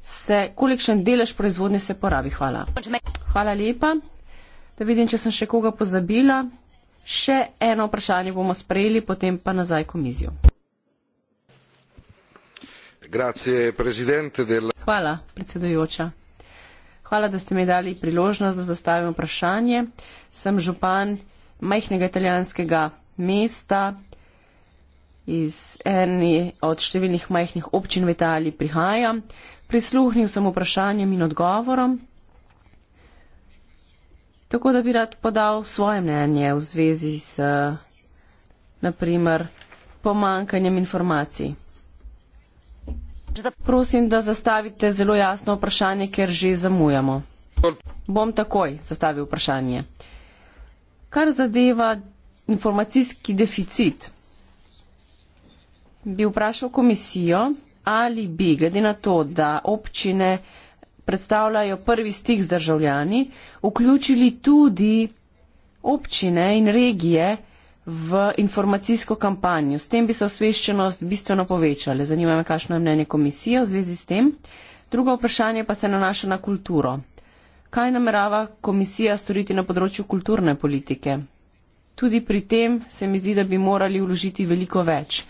se, kolikšen delež proizvodnje se porabi. Hvala. Hvala lepa. Da vidim, če sem še koga pozabila. Še eno vprašanje bomo sprejeli, potem pa nazaj komizijo. Hvala, predsedujoča. Hvala, da ste mi dali priložnost, da zastavim vprašanje. Sem župan majhnega italijanskega mesta, iz ene od številnih majhnih občin v Italiji prihaja. Prisluhnil sem vprašanjem in odgovorom. Tako da bi rad podal svoje mnenje v zvezi s, naprimer, pomankanjem informacij. Prosim, da zastavite zelo jasno vprašanje, ker že zamujamo. Bom takoj zastavil vprašanje. Kar zadeva informacijski deficit, bi vprašal komisijo, ali bi, glede na to, da občine predstavljajo prvi stik z državljani, vključili tudi občine in regije v informacijsko kampanjo. S tem bi se osveščenost bistveno povečale. Zanima me, kakšno je mnenje komisije v zvezi s tem. Drugo vprašanje pa se nanaša na kulturo. Kaj namerava komisija storiti na področju kulturne politike? Tudi pri tem se mi zdi, da bi morali vložiti veliko več.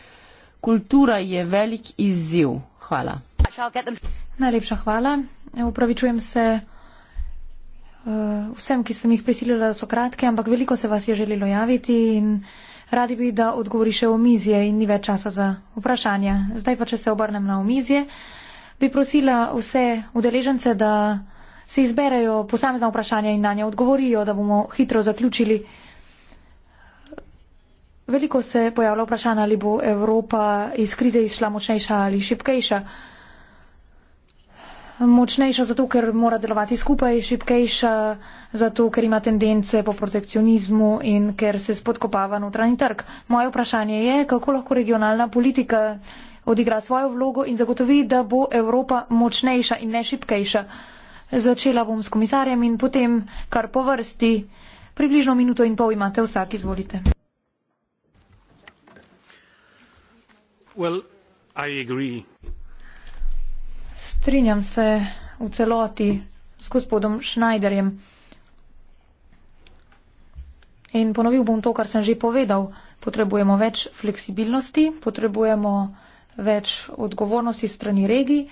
Kultura je velik izziv. Hvala. Najlepša hvala. Upravičujem se eh, vsem, ki sem jih prisilila, da so kratke, ampak veliko se vas je želelo javiti in radi bi, da odgovori še omizje in ni več časa za vprašanja. Zdaj pa, če se obrnem na omizje, bi prosila vse udeležence, da se izberejo posamezna vprašanja in na nje odgovorijo, da bomo hitro zaključili. Veliko se pojavlja vprašanje, ali bo Evropa iz krize izšla močnejša ali šipkejša. Močnejša zato, ker mora delovati skupaj, šipkejša zato, ker ima tendence po protekcionizmu in ker se spodkopava notranji trg. Moje vprašanje je, kako lahko regionalna politika odigra svojo vlogo in zagotovi, da bo Evropa močnejša in ne šipkejša. Začela bom s komisarjem in potem kar po vrsti. Približno minuto in pol imate vsak, izvolite. Strinjam se v celoti s gospodom Schneiderjem. In ponovil bom to, kar sem že povedal. Potrebujemo več fleksibilnosti, potrebujemo več odgovornosti strani regij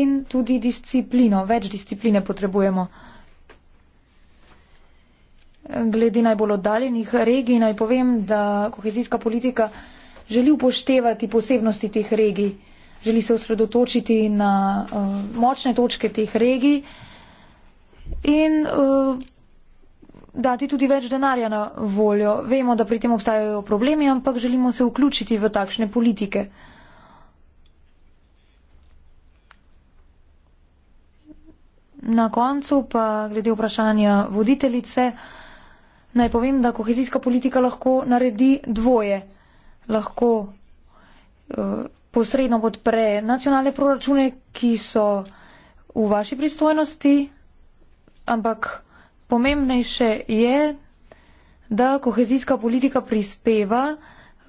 in tudi disciplino. Več discipline potrebujemo. Glede najbolj oddaljenih regij naj povem, da kohezijska politika želi upoštevati posebnosti teh regij, želi se osredotočiti na uh, močne točke teh regij in uh, dati tudi več denarja na voljo. Vemo, da pri tem obstajajo problemi, ampak želimo se vključiti v takšne politike. Na koncu pa glede vprašanja voditeljice. Naj povem, da kohezijska politika lahko naredi dvoje lahko eh, posredno podpre nacionalne proračune, ki so v vaši pristojnosti, ampak pomembnejše je, da kohezijska politika prispeva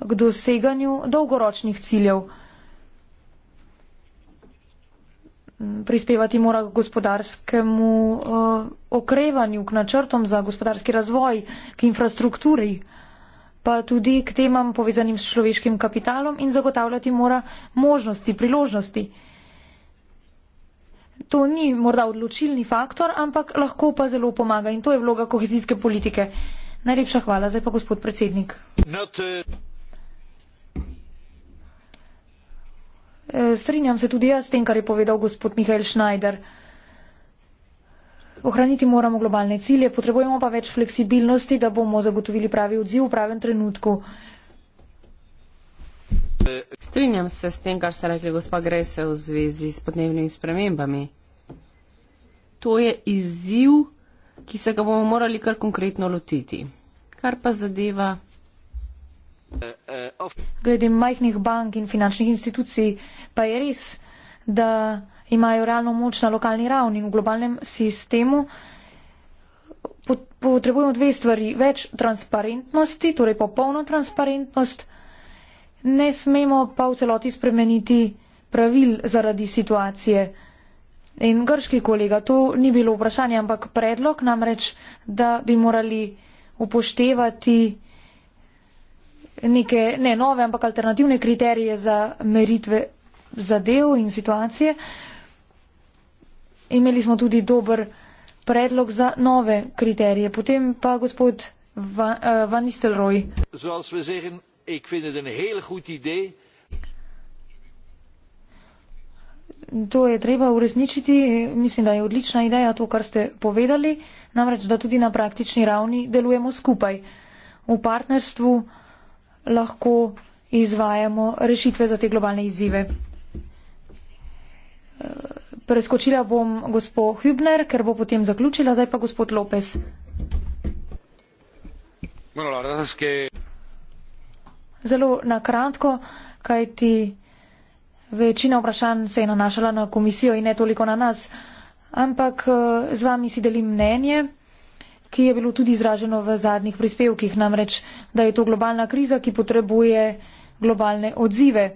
k doseganju dolgoročnih ciljev. Prispevati mora k gospodarskemu eh, okrevanju, k načrtom za gospodarski razvoj, k infrastrukturi pa tudi k temam povezanim s človeškim kapitalom in zagotavljati mora možnosti, priložnosti. To ni morda odločilni faktor, ampak lahko pa zelo pomaga in to je vloga kohezijske politike. Najlepša hvala, zdaj pa gospod predsednik. Eh. E, strinjam se tudi jaz s tem, kar je povedal gospod Mihajl Schneider. Ohraniti moramo globalne cilje, potrebujemo pa več fleksibilnosti, da bomo zagotovili pravi odziv v pravem trenutku. Strinjam se s tem, kar ste rekli, gospa Grese, v zvezi s podnebnimi spremembami. To je izziv, ki se ga bomo morali kar konkretno lotiti. Kar pa zadeva. Glede majhnih bank in finančnih institucij, pa je res, da imajo realno moč na lokalni ravni in v globalnem sistemu. Potrebujemo dve stvari. Več transparentnosti, torej popolno transparentnost. Ne smemo pa v celoti spremeniti pravil zaradi situacije. In grški kolega, to ni bilo vprašanje, ampak predlog namreč, da bi morali upoštevati neke ne nove, ampak alternativne kriterije za meritve zadev in situacije imeli smo tudi dober predlog za nove kriterije. Potem pa gospod eh, Van Nistelrooy. Uh, to je treba uresničiti. Mislim, da je odlična ideja to, kar ste povedali. Namreč, da tudi na praktični ravni delujemo skupaj. V partnerstvu lahko izvajamo rešitve za te globalne izzive. Uh, preskočila bom gospod Hübner, ker bo potem zaključila, zdaj pa gospod Lopes. Bueno, es que... Zelo nakratko, kaj ti večina vprašanj se je nanašala na komisijo in ne toliko na nas, ampak eh, z vami si delim mnenje ki je bilo tudi izraženo v zadnjih prispevkih, namreč, da je to globalna kriza, ki potrebuje globalne odzive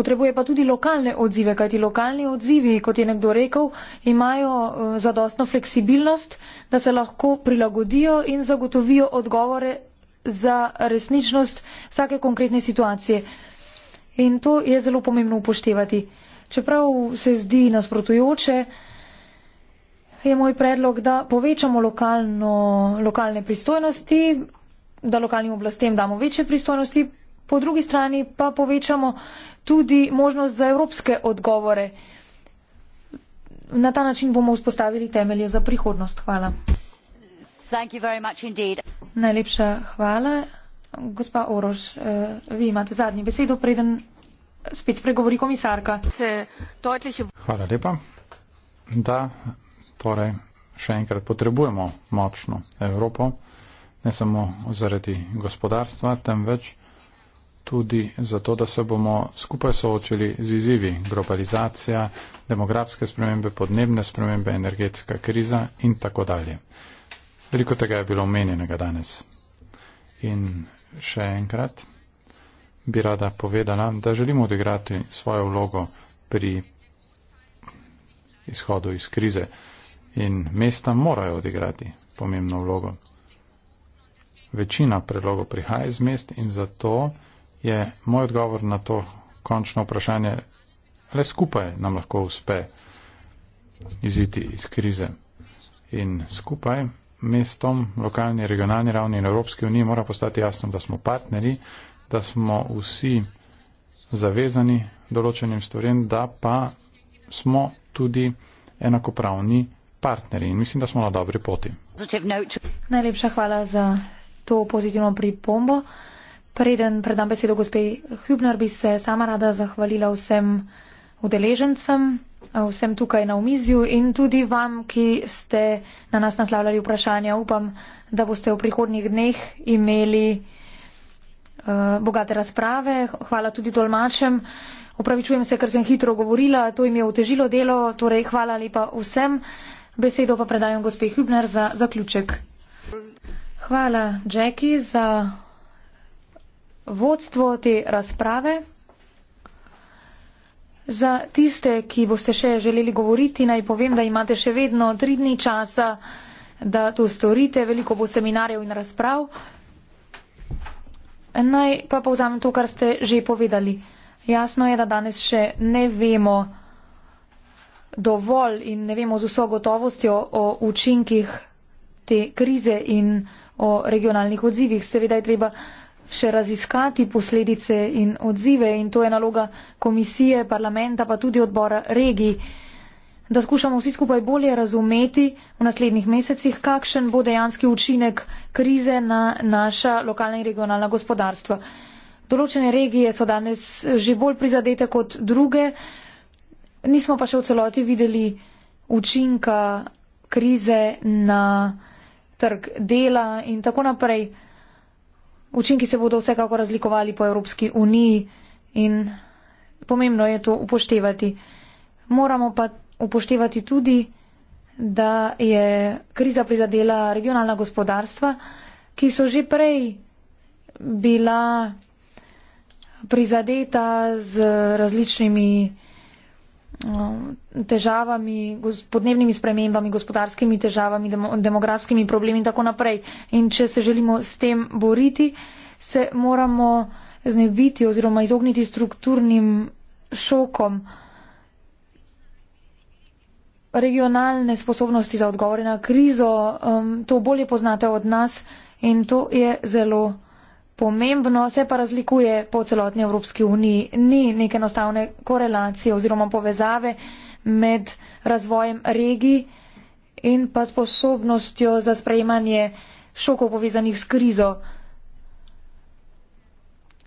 potrebuje pa tudi lokalne odzive, kajti lokalni odzivi, kot je nekdo rekel, imajo eh, zadostno fleksibilnost, da se lahko prilagodijo in zagotovijo odgovore za resničnost vsake konkretne situacije. In to je zelo pomembno upoštevati. Čeprav se zdi nasprotujoče, je moj predlog, da povečamo lokalno, lokalne pristojnosti, da lokalnim oblastem damo večje pristojnosti, po drugi strani pa povečamo tudi možnost za evropske odgovore. Na ta način bomo vzpostavili temelje za prihodnost. Hvala. Najlepša hvala. Gospa Oroš, eh, vi imate zadnji besedo, preden spet spregovori komisarka. Torej hvala lepa. Da, torej, še enkrat potrebujemo močno Evropo, ne samo zaradi gospodarstva, temveč tudi zato, da se bomo skupaj soočili z izzivi globalizacija, demografske spremembe, podnebne spremembe, energetska kriza in tako dalje. Veliko tega je bilo omenjenega danes. In še enkrat bi rada povedala, da želimo odigrati svojo vlogo pri izhodu iz krize in mesta morajo odigrati pomembno vlogo. Večina predlogov prihaja iz mest in zato je moj odgovor na to končno vprašanje, le skupaj nam lahko uspe iziti iz krize. In skupaj mestom, lokalni, regionalni ravni in Evropski uniji mora postati jasno, da smo partneri, da smo vsi zavezani določenim stvarem, da pa smo tudi enakopravni partneri. In mislim, da smo na dobri poti. Najlepša hvala za to pozitivno pripombo. Preden predam besedo gospej Hübner, bi se sama rada zahvalila vsem udeležencem, vsem tukaj na omizju in tudi vam, ki ste na nas naslavljali vprašanja. Upam, da boste v prihodnjih dneh imeli uh, bogate razprave. Hvala tudi tolmačem. Upravičujem se, ker sem hitro govorila, to jim je otežilo delo. Torej, hvala lepa vsem. Besedo pa predajam gospej Hübner za zaključek. Hvala, Jackie, za vodstvo te razprave. Za tiste, ki boste še želeli govoriti, naj povem, da imate še vedno tri dni časa, da to storite. Veliko bo seminarjev in razprav. Naj pa povzamem to, kar ste že povedali. Jasno je, da danes še ne vemo dovolj in ne vemo z vso gotovostjo o učinkih te krize in o regionalnih odzivih. Seveda je treba še raziskati posledice in odzive in to je naloga komisije, parlamenta pa tudi odbora regij, da skušamo vsi skupaj bolje razumeti v naslednjih mesecih, kakšen bo dejanski učinek krize na naša lokalna in regionalna gospodarstva. Določene regije so danes že bolj prizadete kot druge, nismo pa še v celoti videli učinka krize na trg dela in tako naprej učinki se bodo vsekako razlikovali po Evropski uniji in pomembno je to upoštevati. Moramo pa upoštevati tudi, da je kriza prizadela regionalna gospodarstva, ki so že prej bila prizadeta z različnimi Um, težavami, podnebnimi spremembami, gospodarskimi težavami, demografskimi problemi in tako naprej. In če se želimo s tem boriti, se moramo znebiti oziroma izogniti strukturnim šokom regionalne sposobnosti za odgovore na krizo. Um, to bolje poznate od nas in to je zelo pomembno, se pa razlikuje po celotni Evropski uniji. Ni neke enostavne korelacije oziroma povezave med razvojem regij in pa sposobnostjo za sprejemanje šokov povezanih s krizo.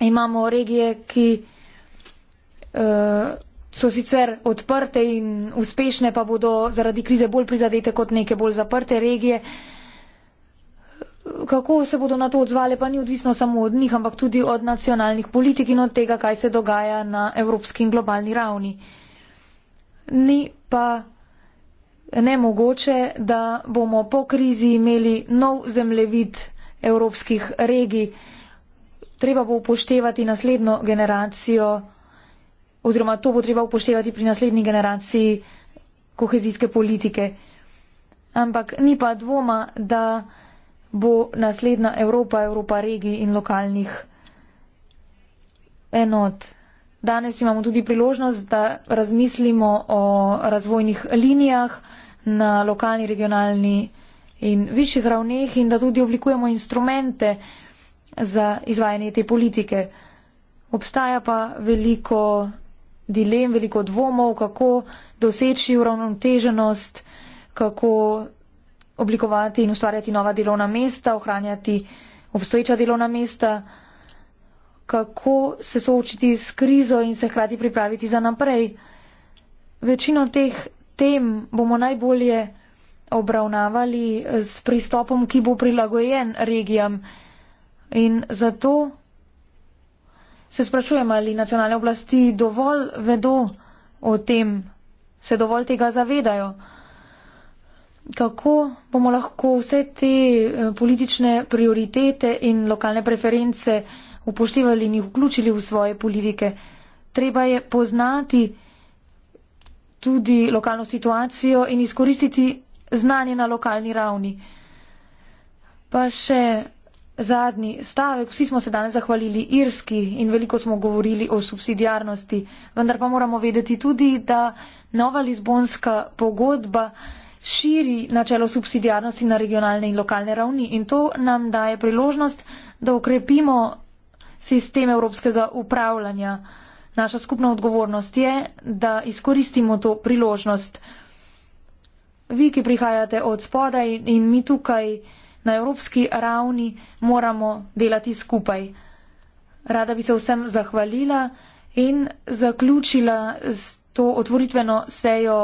Imamo regije, ki uh, so sicer odprte in uspešne, pa bodo zaradi krize bolj prizadete kot neke bolj zaprte regije. Uh, kako se bodo na to odzvali, pa ni odvisno samo od njih, ampak tudi od nacionalnih politik in od tega, kaj se dogaja na evropski in globalni ravni. Ni pa nemogoče, da bomo po krizi imeli nov zemljevid evropskih regij. Treba bo upoštevati naslednjo generacijo oziroma to bo treba upoštevati pri naslednji generaciji kohezijske politike. Ampak ni pa dvoma, da bo naslednja Evropa, Evropa regij in lokalnih enot. Danes imamo tudi priložnost, da razmislimo o razvojnih linijah na lokalni, regionalni in višjih ravneh in da tudi oblikujemo instrumente za izvajanje te politike. Obstaja pa veliko dilem, veliko dvomov, kako doseči uravnoteženost, kako oblikovati in ustvarjati nova delovna mesta, ohranjati obstoječa delovna mesta, kako se soočiti s krizo in se hkrati pripraviti za naprej. Večino teh tem bomo najbolje obravnavali s pristopom, ki bo prilagojen regijam. In zato se sprašujem, ali nacionalne oblasti dovolj vedo o tem, se dovolj tega zavedajo kako bomo lahko vse te eh, politične prioritete in lokalne preference upoštevali in jih vključili v svoje politike. Treba je poznati tudi lokalno situacijo in izkoristiti znanje na lokalni ravni. Pa še zadnji stavek. Vsi smo se danes zahvalili Irski in veliko smo govorili o subsidijarnosti, vendar pa moramo vedeti tudi, da nova Lizbonska pogodba širi načelo subsidijarnosti na regionalne in lokalne ravni in to nam daje priložnost, da ukrepimo sistem evropskega upravljanja. Naša skupna odgovornost je, da izkoristimo to priložnost. Vi, ki prihajate od spodaj in mi tukaj na evropski ravni, moramo delati skupaj. Rada bi se vsem zahvalila in zaključila s to otvoritveno sejo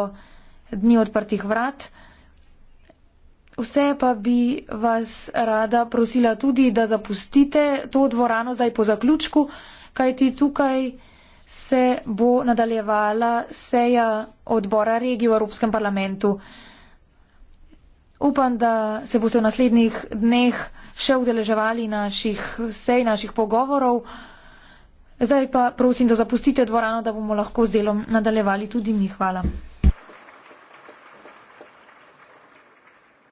dni odprtih vrat. Vse pa bi vas rada prosila tudi, da zapustite to dvorano zdaj po zaključku, kajti tukaj se bo nadaljevala seja odbora regije v Evropskem parlamentu. Upam, da se boste v naslednjih dneh še udeleževali naših sej, naših pogovorov. Zdaj pa prosim, da zapustite dvorano, da bomo lahko z delom nadaljevali tudi mi. Hvala.